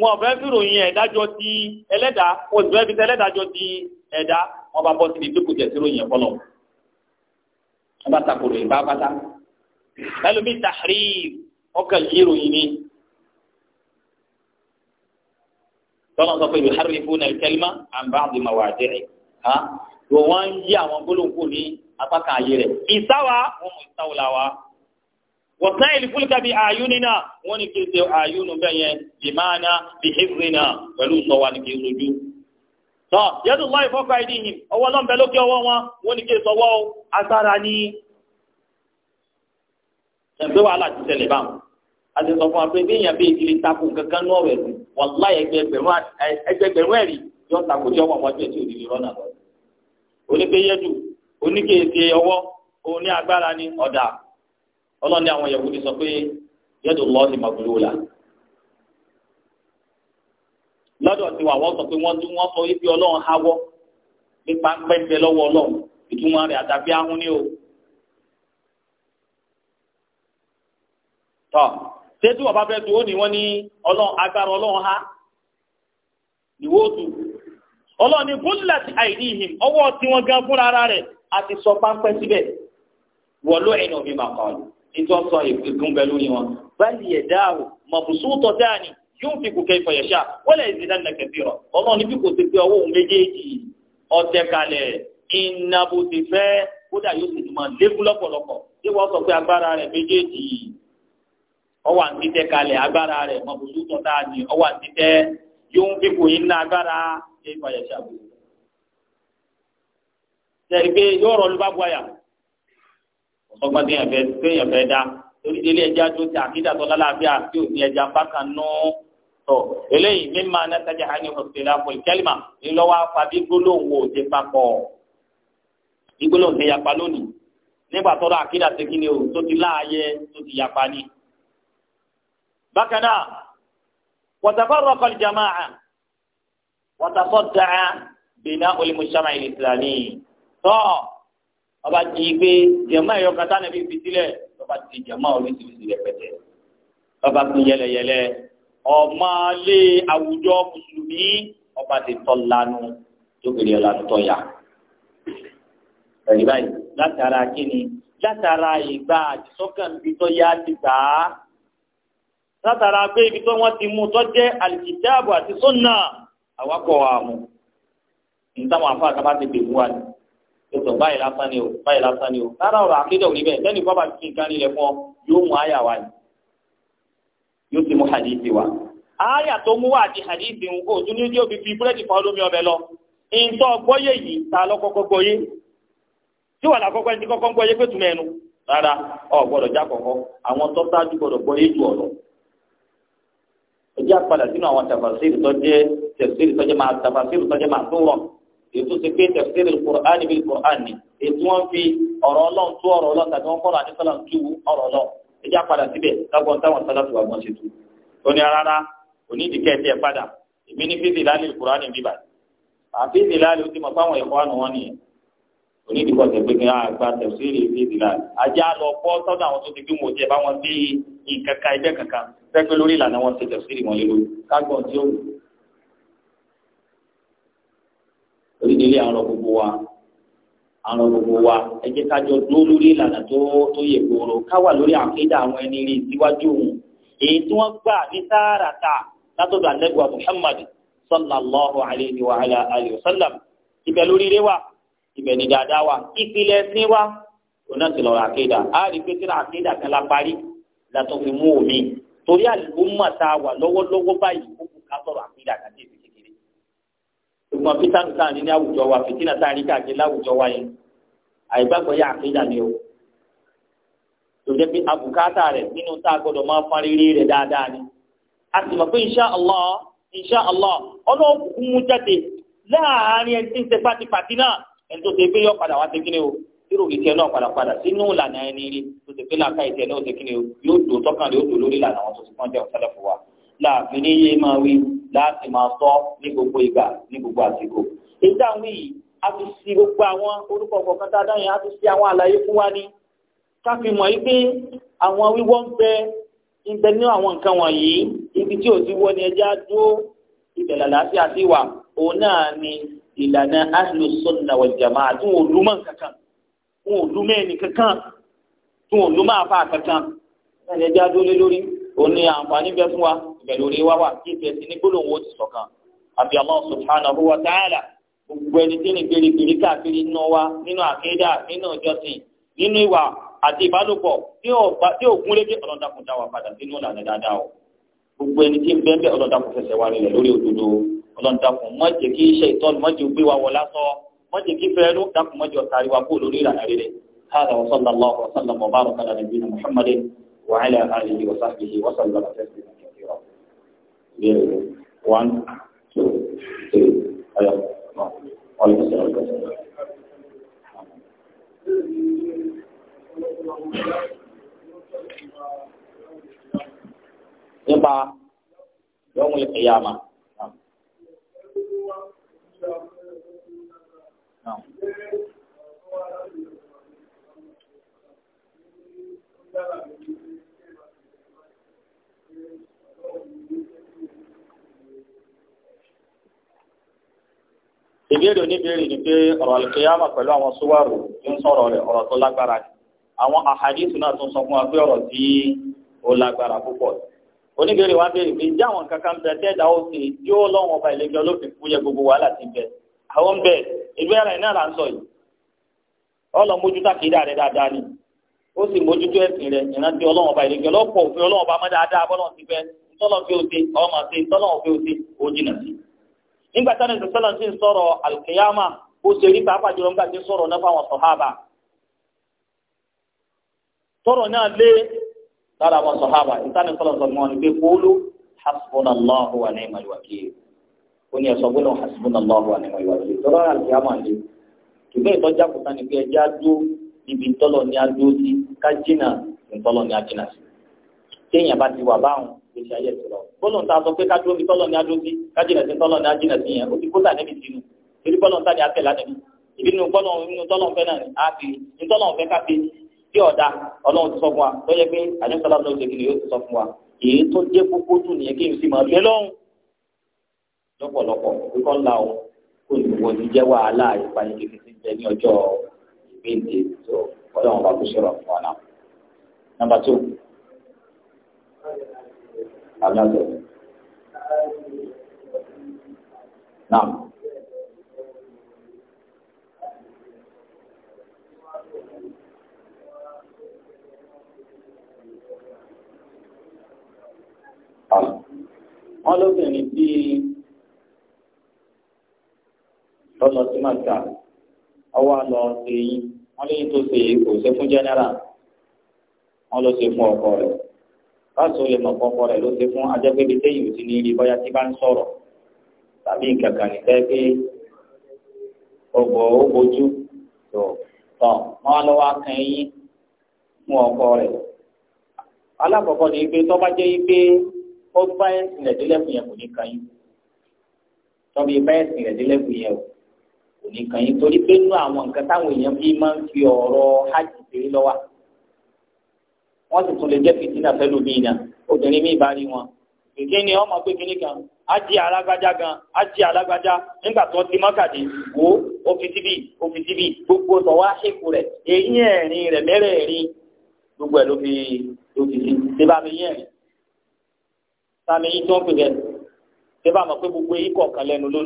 wọn ọ̀fẹ́ fìròyìn ẹ̀dájọ́ ti ẹlẹ́dà wọ́n sì fẹ́ fi tẹ́lẹ́dájọ́ ti ẹ̀dá wọ́n bá bọ́ síbi tí kò tẹ̀sí ròyìn ẹ̀fọ́ lọ. wọ́n bá takòrò ìbá pátá. ẹlòmíì tàhírì ọkàn yìí ròyìn ni tọ́lá sọ pé yuharrifuna al-kalima an ba'di mawadi'i ha wọ́n wá ń yí àwọn gbólóńkò ní apá kan ààyè rẹ̀ ìsáwà wọn mú ìsáwò la wa wọ̀sán ìlúfúlùkà bíi àyúnina wọn ni kí n ṣe àyúnu bẹ́ẹ̀ yẹn bìmáàna bìhìrìnà pẹ̀lú sọ̀wá ni kì í sojú tọ́ yẹ́dù láì fọ́kọ̀ àìdí yìí ọwọ́ náà lókè ọwọ́ wọn wọ́n ní kí n sọwọ́ asára ní ẹgbẹ́ wàhálà ti tẹ̀lé báwọn a ti sọ fún wa pé bí èèyàn bí ìdílé takùn kankan náà rẹ̀ sí wàláyé ẹgbẹgbẹrún ẹ̀rí yóò tako tí ọmọ ọmọdé tí òdìdí rọ́nà lọ. oníkéyédù oníkéyèké ọwọ́ òun agbára ní ọ̀dà ọlọ́ni àwọn yẹ̀wò ti sọ pé yẹ́dù lọ́ọ̀sì màbúrò la. lọ́dọ̀ tí wà wọ́n sọ pé wọ́n tún wọ́n sọ ibi ọlọ́run háwọ́ nípa pẹ́ńpẹ́ lọ́wọ́ ọlọ́run ìtumọ̀ rẹ̀ àtàbí ahun o. tẹ́tù ọba fẹ́ tu ó ní wọ́n ní ọlọ́run agbára ọlọ́run ha ìwó tu ọlọ́run ní bólúlà ti àìní ìhìn ọwọ́ tí wọ́n gan fúnra ara rẹ̀ àti sọ páńpẹ́ síbẹ̀ wọ́n ló ẹ̀yìn òbí máa kọ́ ọ nítorí sọ ìgbìngún bẹ lórí wọn báyìí ẹ̀dá o mọ̀bùsù tọ́ dáa ni yóò fi kù kẹfọ yẹ̀ṣà wọ́n lè zi dáná kẹfì rọ ọlọ́run níbi kò ti pé ọwọ́ òun méjèèjì ọ̀tẹ̀ kalẹ̀ ìnàbòtì fẹ́ kódà yóò sì tún máa tí wọ́n sọ pé agbára rẹ̀ méjèèjì yìí ọwà ń títẹ kalẹ̀ rẹ rẹ̀ mọ̀bùsù tó dáa ní ọwà ń yóò fi yín ní agbára ṣe ìfàyà ṣàbò. sẹ́ni yóò rọ̀ lóba buwaya ọ̀sọ́gbọ́n tí tí èèyàn fẹ́ dá délé ẹja tó ti àkídà tó lálàáfíà tí ò ní ẹja eléyìí mímọ afábí gbólóhùn wò ti bákan náà watafarraqa al-jama'a watasodda'a bina'u al-mujtama'i al-islami tọ́ ọba ti gbé jẹ̀mọ́ ẹ̀yọ́ kata nàbí fi sílẹ̀ ọba ti jẹ̀mọ́ oríṣiríṣi rẹpẹtẹ ọba ti yẹlẹyẹlẹ ọmọlé àwùjọ mùsùlùmí ọba ti tọ́ lanu tó kiri ọ̀lànà tọ́ ya ẹ̀rí báyìí látara kíni látara ìgbà àtisọ́kànbí tọ́ ya ti gbà á látara pé ibi tó wọ́n ti mú tó jẹ́ alìkìtàbù àti sunna àwákọ̀ àmú nítawọn afọ àtàbà ti dè wá ni ètò báyìí lásán ni o báyìí lásán ni o rárá ọ̀rọ̀ àkédè òní bẹ́ẹ̀ lẹ́nu ìfọwọ́ bá ti nǹkan nílẹ̀ fún ọ yóò mú àyà wá ni yóò ti mú hadithi wá àyà tó mú wá àti hadithi ń kó tún ní ojú òbí fi búrẹ́dì kan lómi ọbẹ̀ lọ ìǹtọ́ gbọ́yé yìí ta lọ kọ́kọ́ gbọ́yé tí wà lákọ́kọ́ ẹni tí kọ́kọ́ gbọ́yé pé rárá ọ̀ gbọ́dọ̀ já kọ̀kọ́ àwọn tó ẹjẹ́ àpàdà sínú àwọn tafasiri tọ́jẹ́ tafsiri tọ́jẹ́ máa tafasiri tọ́jẹ́ máa tó rọ̀ ètò ti pé tafsiri qur'ani bil qur'ani ètò wọn fi ọ̀rọ̀ ọlọ́run tó ọ̀rọ̀ ọlọ́run tàbí wọn kọ́ra àdìsọ́lá tu ọ̀rọ̀ ọlọ́run ẹjẹ́ àpàdà síbẹ̀ lágbọ́n táwọn sọ́lá tó wà gbọ́n ṣe tu tóní rárá òní ìdíkẹ́ tiẹ̀ padà èmi ní fífi lálẹ́ qur'ani bíbà àfíìsì lálẹ́ ó ti mọ̀ fáwọn ẹ̀kọ́ àná wọn nìyẹn onídìbò tẹ pé kí á gba tẹsíìrì ìdílé la ajá lọ bọ sọ́dọ̀ àwọn tó ti gbé wọn jẹ báwọn dé ìkankan ẹgbẹ́ kankan pẹpẹ lórí ìlànà wọn ṣe tẹsíìrì wọn lé lórí kágbọn tí ó wù. onídìílé àwọn gbogbo wa àwọn gbogbo wa ẹ jẹ́ ká jọ dúró lórí ìlànà tó tó yẹ kóró ká wà lórí àkéjà àwọn ẹni rí síwájú òun èyí tí wọ́n gbà ní tààràtà látọ̀dọ̀ àlẹgbà Muhammad sallallahu alayhi wa alihi wa sallam ìbẹ lórí rẹ wa. ibẹ̀ ni dáadáa wa ìpìlẹ̀ ẹ̀sìn wa ọ̀nà ti àkéda a rí pé kíra àkéda kan la parí fi mú omi torí àlùmọ̀ tá a wà lọ́wọ́lọ́wọ́ báyìí ó ká sọ̀rọ̀ àkéda kan kékeré ṣùgbọ́n peter wa fìtínà tá a rí káàkiri láwùjọ wa yẹn àìgbàgbọ́ yà àkéda ni o tó jẹ́ pé àbùkátà rẹ̀ nínú tá a gbọ́dọ̀ máa rẹ̀ dáadáa ni a Allah mú jáde láàárín ẹni tí ń ṣe ẹni tó ṣe pé yọ padà wá ṣe kí ni o tírò ìtẹ náà padà padà sínú ìlànà ẹni rí tó ṣe pé làákà ìtẹ náà ṣe ni o yóò dò tọkàn rẹ yóò dò lórí ìlànà àwọn tó ti kàn jẹ ọsẹlẹ fún wa láàfin ní yé máa wí láti máa sọ ní gbogbo ìgbà ní gbogbo àsìkò èyí táwọn yìí a ti ṣì gbogbo àwọn orúkọ kọ̀ọ̀kan tá a dá yẹn a ti ṣì àwọn àlàyé fún wa ní ká fi mọ̀ àwọn wíwọ́ ń bẹ ń bẹ àwọn nǹkan wọ̀nyí ibi tí ò ti wọ́ ni ẹja dúró ìbẹ̀lẹ̀ ìlànà ahlus sunna wal jamaa tí wọn ò lúmọ̀ kankan wọn ò lúmọ̀ ẹni kankan tí wọn ò lúmọ̀ àfa kankan ẹni ẹja dúró lórí òun ni àǹfààní bẹ fún wa ìbẹ̀rù orí wa wà kí ìfẹ́ sí ní gbólóhùn ó ti sọ̀kan àbí Allah subhanahu wa ta'ala gbogbo ẹni tí ní gbèrègbèrè káàkiri nínú wa nínú àkéédà nínú ìjọsìn nínú ìwà àti ìbálòpọ̀ tí ò gún régé ọlọ́dàkùn dá wa padà sínú ìlànà dáadáa o gbogbo ẹni tí ń bẹ́ẹ̀ bẹ́ẹ̀ ọlọ́dàkùn fẹsẹ̀ wa rẹ̀ lórí òdodo ọlọ́ndàkùn má jẹ́ kí iṣẹ́ ìtọ́lù má jẹ́ gbé wa wọ lásọ má jẹ́ kí fẹ́ ló dákun má jẹ́ ọ̀tàrí wa kó lórí ìlànà rere hàdà wa sallallahu wa sallam wa baraka ala nabiyina muhammadin wa ala alihi wa sahbihi wa sallam taslima kathira. one two three ayọ̀ ọ̀lẹ́ sọ̀rọ̀ ìgbà nípa yọ̀wùn ìbéèrè oníbéèrè ni pé ọ̀rọ̀ àlùkìyàmà pẹ̀lú àwọn súwárù ń sọ̀rọ̀ rẹ̀ ọ̀rọ̀ tó lágbára ni àwọn àhàdísù náà tún sọ fún wa pé ọ̀rọ̀ tí ó lágbára púpọ̀ oníbéèrè wa béèrè pé ìjà àwọn kankan bẹ tẹ́ẹ̀dá ó sì yóò lọ́wọ́ ọba ìlẹ́gbẹ́ olófin fúyẹ́ gbogbo wàhálà ti bẹ̀rẹ̀ àwọn bẹ́ẹ̀ ìlú ẹ̀rọ iná là ń sọ yìí ọlọ mójútó àkìdá rẹ dáadáa ni ó sì mójútó rẹ ìrántí ọlọ́wọ́n ọba ìrìnkẹ́ lọ́pọ̀ òfin ọlọ́wọ́n ọba mọ́dáadáa ti fẹ́ ntọ́lọ́ fi ọmọ àti fi sí. nígbà táwọn ti ń ó ṣe rí pàápàá jùlọ nígbà tí ń náà fáwọn ó ní ẹ̀sọ́ gbọ́dọ̀ hasbunallahu wa ni'mal wakeel tọ́lá àti àmà lé ṣùgbọ́n ìtọ́jà kò tán ni pé ẹjẹ́ adó níbi tọ́lọ̀ ní adó sí kájínà ìtọ́lọ̀ ní ajínà sí téèyàn bá ti wà báwọn gbèsè ayé ti lọ gbọ́dọ̀ ta sọ pé kájú omi tọ́lọ̀ ní adó sí kájínà sí tọ́lọ̀ ní ajínà sí yẹn ó ti kó tà níbi sínú torí gbọ́dọ̀ ta ni àtẹ̀ lánàá ibi nínú gbọ́dọ̀ nínú tọ́lọ̀ fẹ́ náà á fi ní tọ́lọ̀ fẹ́ ká fi tí ọ̀dà ọlọ́run ti sọ fún wa tó yẹ pé àjọṣọlá ló ṣe kí ni yóò ti sọ fún wa èyí tó jẹ́ gbogbo lọ́pọ̀lọpọ̀ kíkọ́ ńlá o kó ìwọ ti jẹ́ wàhálà ìpàdé kékeré ti jẹ ní ọjọ́ ìgbéǹde tó ọlọ́run bá kó sọ̀rọ̀ fún wa náà. nọ́mbà tó abúlé náà. wọ́n lóbìnrin bíi. lọ́lọ́ sí màkà ọwọ́ àlọ́ ṣe yín wọ́n léyìn tó ṣe kò wọ́n lọ ṣe fún ọkọ rẹ̀ báṣọ lè mọ̀ ọkọ rẹ̀ ló ṣe fún ajẹ́pẹ́bí téyì ò ní rí bọ́yá tí bá ń sọ̀rọ̀ tàbí kankan fẹ́ pé ọgbọ̀ ọkọ rẹ̀ alákọ̀ọ́kọ́ ni pé tọ́ bá jẹ́ pé ó bá ẹ̀sìn yẹn kò ní yín tọ́ bí bá ẹ̀sìn o. oníkan yìí torí pé nínú àwọn nǹkan táwọn èèyàn fi máa fi ọ̀rọ̀ hajj péré lọ́wọ́ wọ́n sì tún lè jẹ́ fìtínà fẹ́ lómi iná obìnrin mi ìbárí wọn kìkì ni ọmọ pé kìnnì kan á alágbájá gan á alágbájá nígbà tó ti mọ́kàdé wo gbogbo sọ̀wọ́ àṣekù rẹ̀ èyí ẹ̀rin rẹ̀ mẹ́rẹ̀ẹ̀rin gbogbo ẹ̀ ló fi ló sí ṣé mi yẹ̀rin sáà gbogbo kọ̀ọ̀kan lẹ́nu ló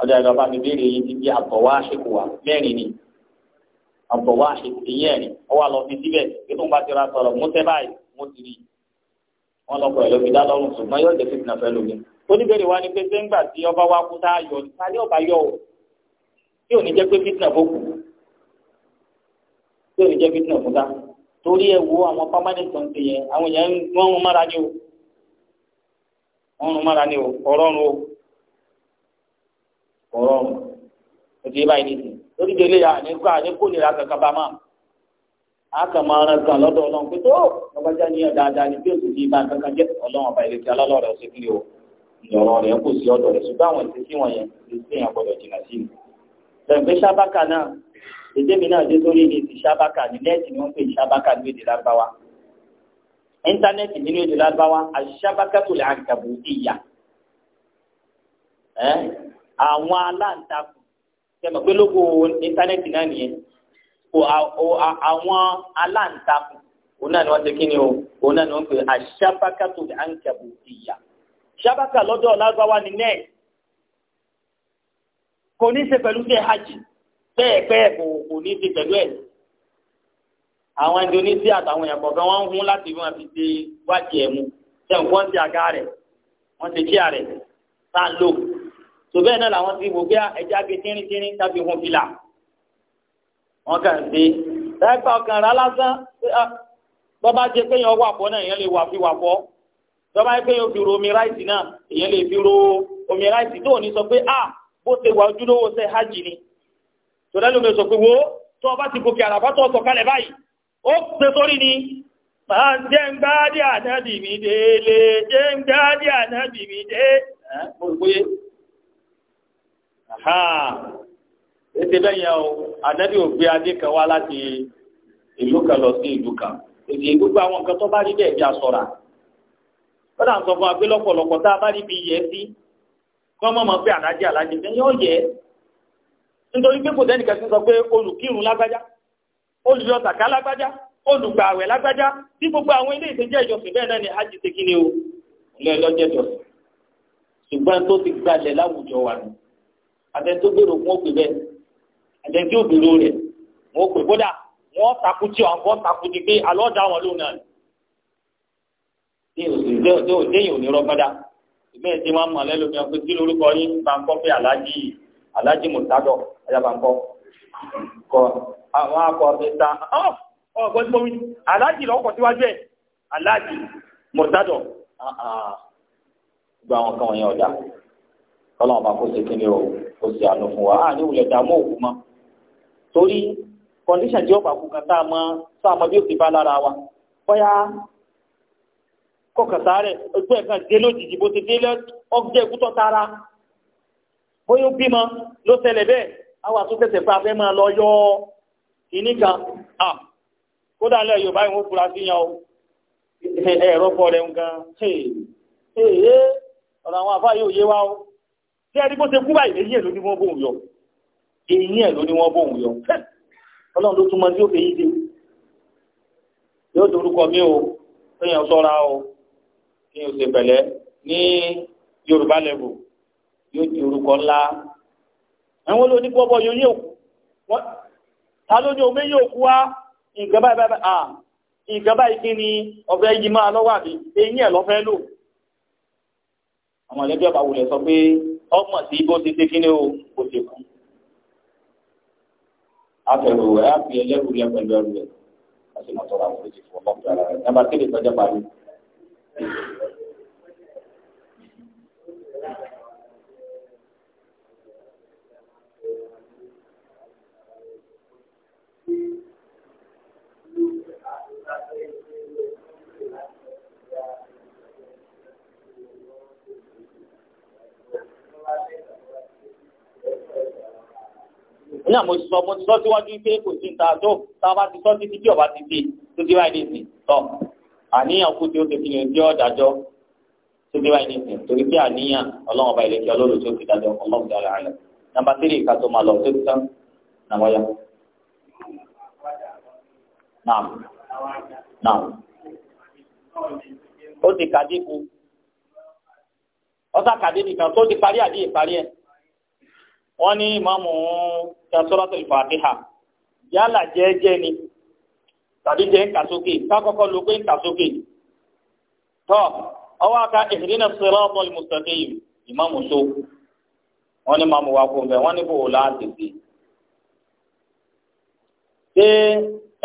ọjà ìlọba mi béèrè yìí ti di àbọ̀wá àṣekù wa mẹ́rin ni àbọ̀wá àṣekù ìyẹn ẹ̀rin ọwọ́ àlọ́ fi síbẹ̀ kí wa pé tí ọba wa kú ní o tí ò ní jẹ́ pé fìtìnà fó kù tí ò ní jẹ́ fìtìnà fó ta torí ẹ wo àwọn permanent tó ń ṣe yẹn àwọn èèyàn ń rún mára ni o o. ọ̀rọ̀ òtí yé báyìí nìyí lórí délé yà ní kó àní kó nira kankan bá máa a kàn máa ran kan lọ́dọ̀ ọlọ́run pé tó lọ́gbàjá ní ọ̀dà àdá ni bí òsì yìí bá kankan jẹ́ ọlọ́run ọba ìrètí alọ́lọ́ rẹ̀ ṣe kílẹ̀ o ìyọ̀rọ̀ rẹ̀ kò sí ọ̀dọ̀ rẹ̀ ṣùgbọ́n àwọn ìṣesí wọ̀nyẹn ìṣesí yẹn gbọ́dọ̀ jìnnà sí i. bẹ̀ẹ̀gbẹ́ sábàkà náà èdè mi náà dé sórí ní ti sábàkà ní nẹ́ẹ̀tì ni wọ́n pè sábàkà ní èdè lárúbáwá íńtánẹ́ẹ̀tì nínú èdè lárúbáwá àṣàbàkà tó lè àgàbò ìyà àwọn aláǹtakùn tẹmọ pé lóko íńtánẹ́ẹ̀tì náà nìyẹn àwọn aláǹtakùn òun náà ni wọ́n ti kí ni o òun náà ni wọ́n pè àṣàbákà tó à ń kẹ̀bù ìyà ṣàbákà lọ́dọ̀ lágbáwá ni nẹ́ẹ̀ kò ní ṣe pẹ̀lú ṣe hajj bẹ́ẹ̀ bẹ́ẹ̀ kò kò ní ṣe pẹ̀lú ẹ̀ àwọn Indonesia àtàwọn ẹ̀kọ́ kan wọ́n ń hún láti fi fi ṣe wájú ẹ̀ ṣe nǹkan ti àga rẹ̀ wọ́n ti ṣí àrẹ̀ tá a tó bẹ́ẹ̀ náà làwọn ti wò bí ẹja bíi tínríntírín tàbí hun fìlà wọn kàn sí ẹgbẹ́ ọkàn rà lásán bọ́bá jẹ pé ah, yẹn wà fọ́ náà èèyàn lè wà fi wà fọ́ bọ́bá jẹ pé yẹn fi ro omi ráìsì náà èèyàn lè fi ro omi ráìsì tó ní sọ pé a ah, bó ṣe wà ojúlówó ṣe hajj ni tòlẹ́ ló mi sọ pé wo tó ọba ti gòkè àràfà tó ọsọ kalẹ̀ báyìí ó ṣe sórí ni máa ń jẹ́ ń gbádìí ànábì mi délé jẹ́ ń gbádìí ànábì mi dé. ha ètè bẹ́ẹ̀ o ànábì ò gbé adé kan wá láti ìlú kan lọ sí ìlú kan èdè gbogbo àwọn nǹkan tó bá rí bẹ́ẹ̀ bí a sọ̀ra wọ́n náà sọ fún wa pé lọ́pọ̀lọpọ̀ tá a bá rí bí yẹ sí mọ́ pé bẹ́ẹ̀ yọ yẹ nítorí pé kò sọ pé olùkírun lágbájá lágbájá lágbájá tí gbogbo àwọn ilé ìjọsìn bẹ́ẹ̀ hajj ti o ilé ṣùgbọ́n tó ti gbalẹ̀ láwùjọ wa àtẹni tó gbèrò fún òpè bẹ́ẹ̀ àtẹni tí ò gbèrò rẹ̀ wọn ò pè kódà wọn takú tí wọn kọ́ takú ti pé alọ́dà wọn ló nà déyìn ò ní rọ́gbọ́dá ìgbẹ́ ẹ̀ tí wọ́n mọ̀ lẹ́lómi ọ̀pẹ tí lórúkọ yín bá ń kọ́ pé aláàjì aláàjì mùsádọ̀ ayaba ń kọ́ kọ́ àwọn akọ ọ̀fẹ́ta ọ̀gbọ́n tí mo wí aláàjì lọ́kọ̀ síwájú ẹ̀ aláàjì mùsádọ̀ ah, ah. gbogbo àwọn kan wọ̀nyẹn ọ̀dà kọ́lọ́n ọba kó ṣe kí ni o kó ṣe àánú fún wa á ní ìwúlẹ̀ dààmú òkú mọ́ torí kọ́ndíṣàn tí ó pa tá a mọ tá a bí ó ti bá lára wa bóyá kọkàtà rẹ̀ ojú ẹ̀ kan dé lójijì bó ti dé ọjọ́ ìkútọ́ tara bóyá ó bímọ ló ṣẹlẹ̀ bẹ́ẹ̀ àwọn àtúntẹ̀tẹ̀ pé a fẹ́ máa lọ yọ kìíní kan à kódà lẹ́ Yorùbá ìwọ̀n fura sí yan o ẹ̀rọ pọ̀ rẹ̀ ń gan ọ̀rọ̀ àwọn àfáà yóò yé wa o tí ẹni bó ṣe kú báyìí èyí ẹ̀ ló ní wọ́n bóun yọ èyí ẹ̀ ló ní wọ́n bóun yọ ọlọ́run ló túmọ̀ tí ó fẹ́ yí dé yóò dorúkọ mi o kéèyàn sọ́ra o kéèyàn ṣe pẹ̀lẹ́ ní yorùbá level yóò di orúkọ ńlá àwọn olóòní pọ́pọ́ yóò yóò kú ta ló ní omi yóò kú wá nǹkan báyìí báyìí à nǹkan báyìí kí ni ọ̀fẹ́ yìí máa lọ́wọ́ àbí eyín ẹ̀ lọ́fẹ́ lò àwọn ẹlẹ́bí ọ̀bà wulẹ̀ sọ pé ọmọ sí bó ti ṣe kí ni o kò ṣe kú. afẹ̀rù ẹ̀ á fi ẹlẹ́rù rẹ pẹ̀lú ẹrù rẹ àti mọ̀tọ́ra àwọn olójì fún ọmọ ìgbà rẹ nàbà kéde tọ́jà parí. náà mo sọ mo ti sọ síwájú pé kò sí nta tó tá a bá ti sọ títí bí ọba ti dé tó dé báyìí nìsín tọ àníyàn kú tí ó ti fi lè dé ọ̀dájọ́ tó dé báyìí nìsín torí pé àníyàn ọlọ́run ọba ìlẹ̀kẹ́ ọlọ́run tó fi dájọ́ ọlọ́run dára rẹ̀ nàmbà tírì ká tó máa lọ tó ti tán nàwọ́yà. naam naam ó ti kàdé kú ọ̀sà kàdé nìkan tó ti parí àdéhìí parí ẹ̀ wọ́n ní ìmáàmù ka suratul fatiha yálà jẹ́ẹ́jẹ́ ni tàbí jẹ́ ń kà sókè kákọ́kọ́ ló pé ń kà sókè tọ́ ọwọ́ aka ihdina siratal mustaqim ìmáàmù so wọ́n ní ìmáàmù wa kó bẹ̀ wọ́n ní kò láti sí ṣé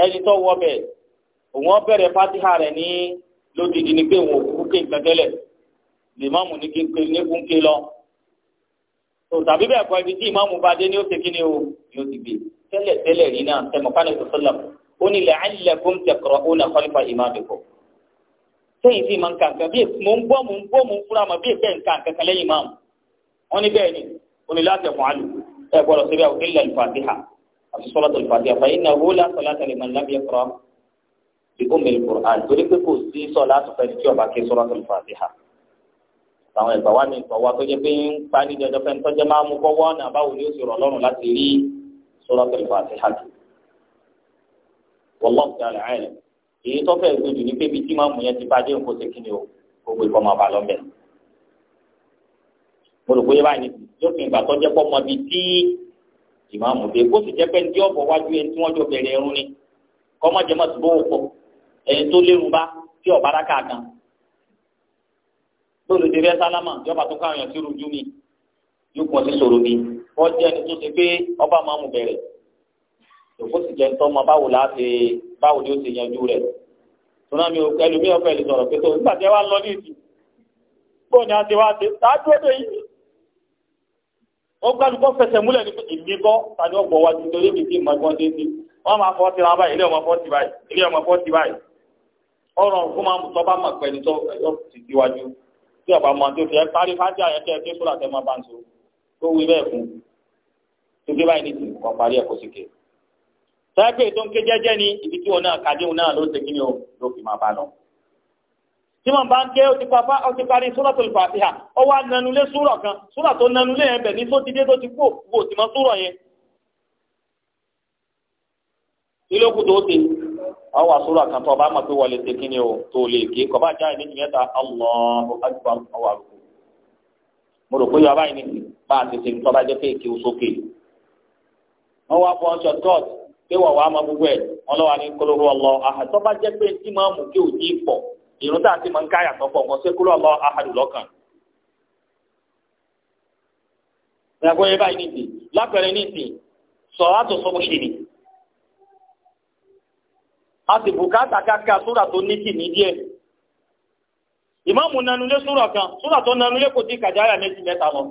ẹni tó wọ bẹ̀ òun bẹ̀rẹ̀ fatiha rẹ̀ ní lódìdí ni pé òun òkú kéńkẹ́ tẹ́lẹ̀ tó tàbí bẹ́ẹ̀ kọ́ ibi tí ìmáàmù bá dé ní ó ṣe kí ni o ni ó ti gbé tẹ́lẹ̀ tẹ́lẹ̀ rí náà tẹ̀mọ̀ kánà tó sọ́lá ó ní la'allakum taqra'una khalfa imamikum sẹ́yìn sí máa ń kàǹkà bí mo ń gbọ́ mo ń gbọ́ mo ń fura ma bí bẹ́ẹ̀ ń kàǹkà kan lẹ́yìn máàmù wọ́n ní bẹ́ẹ̀ ni ó ní láti ẹ̀fọ́ àwọn ìgbà wa mi ìgbà wa tó jẹ pé ń pa ní dandan fẹ́ tọ́jẹ́ máa mú kọ́wọ́ ọ̀nà báwo ni ó sì rọ̀ lọ́rùn láti rí Suratul Fatiha wallahu ta'ala a'lam èyí tó fẹ́ gbójú ní pébi tí máàmù yẹn ti bá dé nǹkó ṣe kí ni o gbogbo ìkọ́ máa bá lọ bẹ̀. mo rò bóyá báyìí yóò fi ìgbà tó jẹ́ pọ́ mọ tí ìmáàmù dé kó sì jẹ́ pé ní ọ̀bọ̀ olùdíje bẹ sálámà yọba tó káwọn yàn sí rújú mi yóò pọ̀ sí sòrò mi wọ́n jẹ́ ẹni tó ṣe pé ọba máa mú bẹ̀rẹ̀ òkú sì jẹ́ ntọ́ ma báwo la ṣe báwo ni ó ṣe yanjú rẹ̀ tọ́lá ò kẹ́lu mi ò lè sọ̀rọ̀ pé tó nígbà tí ẹ wá lọ ní ìsìn bóun ni a ti wá ṣe ṣáájú ọdẹ yìí ó gbàdúgbò fẹsẹ̀ múlẹ̀ ní ìdí kọ́ tàbí ọ̀pọ̀ wa ti torí mi ti mọ̀ ẹ̀gbọ́n dé sí wọ́n máa fọ́ ti ra báyìí ilé ọmọ fọ́ ti báyìí ilé ọmọ fọ́ ti báyìí ọ̀rọ̀ fún máa tọ́ bá mọ̀ pẹ̀lú tó ti tiwájú tí ọba mọ tó fi ẹ parí fájà yẹn kẹ kí sóra tẹ mọ bá ń so tó wí bẹ́ẹ̀ fún tó fi báyìí nìyí wọn parí ẹ kó sì ké sẹ́gbẹ̀ẹ́ tó ń ké jẹ́jẹ́ ni ibi tí wọn náà kàdé wọn náà ló ṣe kí ni o ló fi máa bá lọ. tí wọn bá ń ké ó papá ó parí sóra tó lè fà síhà ó wá nanulé sóra kan sóra tó nanulé yẹn bẹ̀ ní tó ti dé tó ti kú òkú òtì mọ́ sóra yẹn. ilé òkú tó ti Ọ àsúrà kan tó ọba mọ̀ pé wọlé ṣe o tó lè ké kọ́ já ẹ̀ méjì mẹ́ta Allahu akbar ọwọ àrùkù mo rò pé yọ abáyé bá a ti ṣe tó ọba jẹ́ pé èké sókè wá bọ́ tọ́t pé wọ́n wá mọ gbogbo ẹ̀ lọ́wọ́ ní kólóró a ti máa ń káyà pọ̀ ọlọ́ a sì bùkátà káka súrà tó ní kì ní díẹ̀ ìmáàmù nanulé súrà kan súrà tó nanulé kò tí kàjáyà méjì mẹ́ta lọ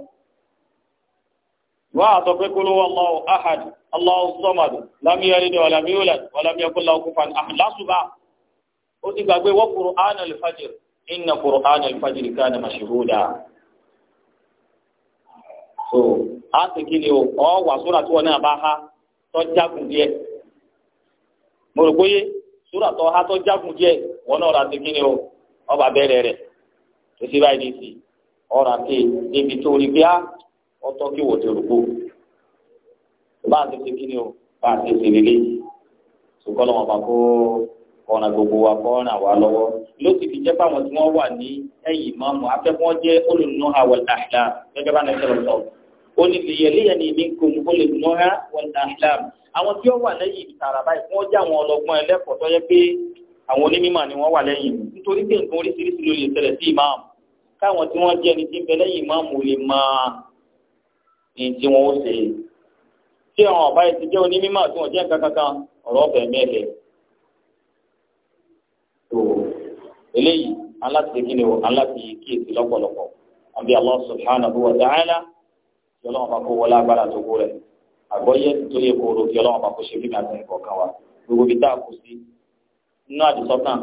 wọ́n àtọ́ pé kó ló wọ́n Allahu ahad Allahu samad lam yalid wa lam yulad wa lam yakul lahu kufuwan ahad lásùbà ó ti gbàgbé wọ́n Qur'an al-fajr inna Qur'an al-fajr kana mashhuda so a ti kí ni o ọ wà súrà tí wọn náà bá ha tọ́jà gùn díẹ̀ mo rò pé súrà tó há tó jágun díẹ̀ wọn náà ra ti kíni o ọba bẹ̀rẹ̀ rẹ̀ tó sì báyìí nìsí ọ̀rà ké níbi tó rí bíá ah, ọtọ́ kí wò ti rúgbó bá a ti ti kíni o bá a ti ti lílé ṣùgbọ́n lọ́wọ́ bá kó ọ̀nà gbogbo wa kọ́ ọ̀nà wa lọ́wọ́ ló ti fi jẹ́ báwọn tí wọ́n wà ní ẹ̀yìn mọ́mú afẹ́kọ́ jẹ́ olùnú àwọn àṣà gẹ́gẹ́ bá nàìjíríà sọ̀rọ̀ onídìyẹlẹyẹni minkum ulul nuha wal ahlam àwọn tí ó wà lẹ́yìn ìtara báyìí wọn jẹ àwọn ọlọ́gbọ́n ẹlẹ́kọ̀ọ́ tó yẹ pé àwọn onímọ̀ ni wọn wà lẹ́yìn nítorí pé nǹkan oríṣiríṣi ló lè ṣẹlẹ̀ sí ìmáàmù káwọn tí wọn jẹ ẹni tí ń bẹ lẹ́yìn ìmáàmù lè máa ní tí wọn ó ṣe tí àwọn ọba ti jẹ tí wọn jẹ eléyìí aláti kí ni o aláti àbí Allah subhanahu wa ta'ala. kí ọlọ́run bá kó wọlé agbára tó kó rẹ̀ àgbọ́yé tó yẹ kóró kí ọlọ́run bá kó ṣe fíìmù àti ẹ̀kọ́ kan wa gbogbo ibi tá a kù sí nínú àdìsọ́kàn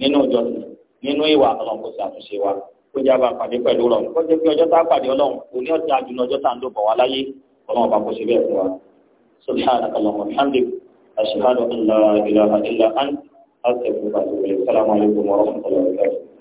nínú ìjọsìn nínú ìwà ọlọ́run kò sí àtúnṣe wa kó jábà pàdé pẹ̀lú rọ̀ kó jẹ́ pé ọjọ́ tá a pàdé ọlọ́run kò ní ọjà àdùnnà ọjọ́ tá a ń dòbọ̀ wá láyé ọlọ́run bá kó ṣe bẹ́ẹ̀ fún wa subhanaka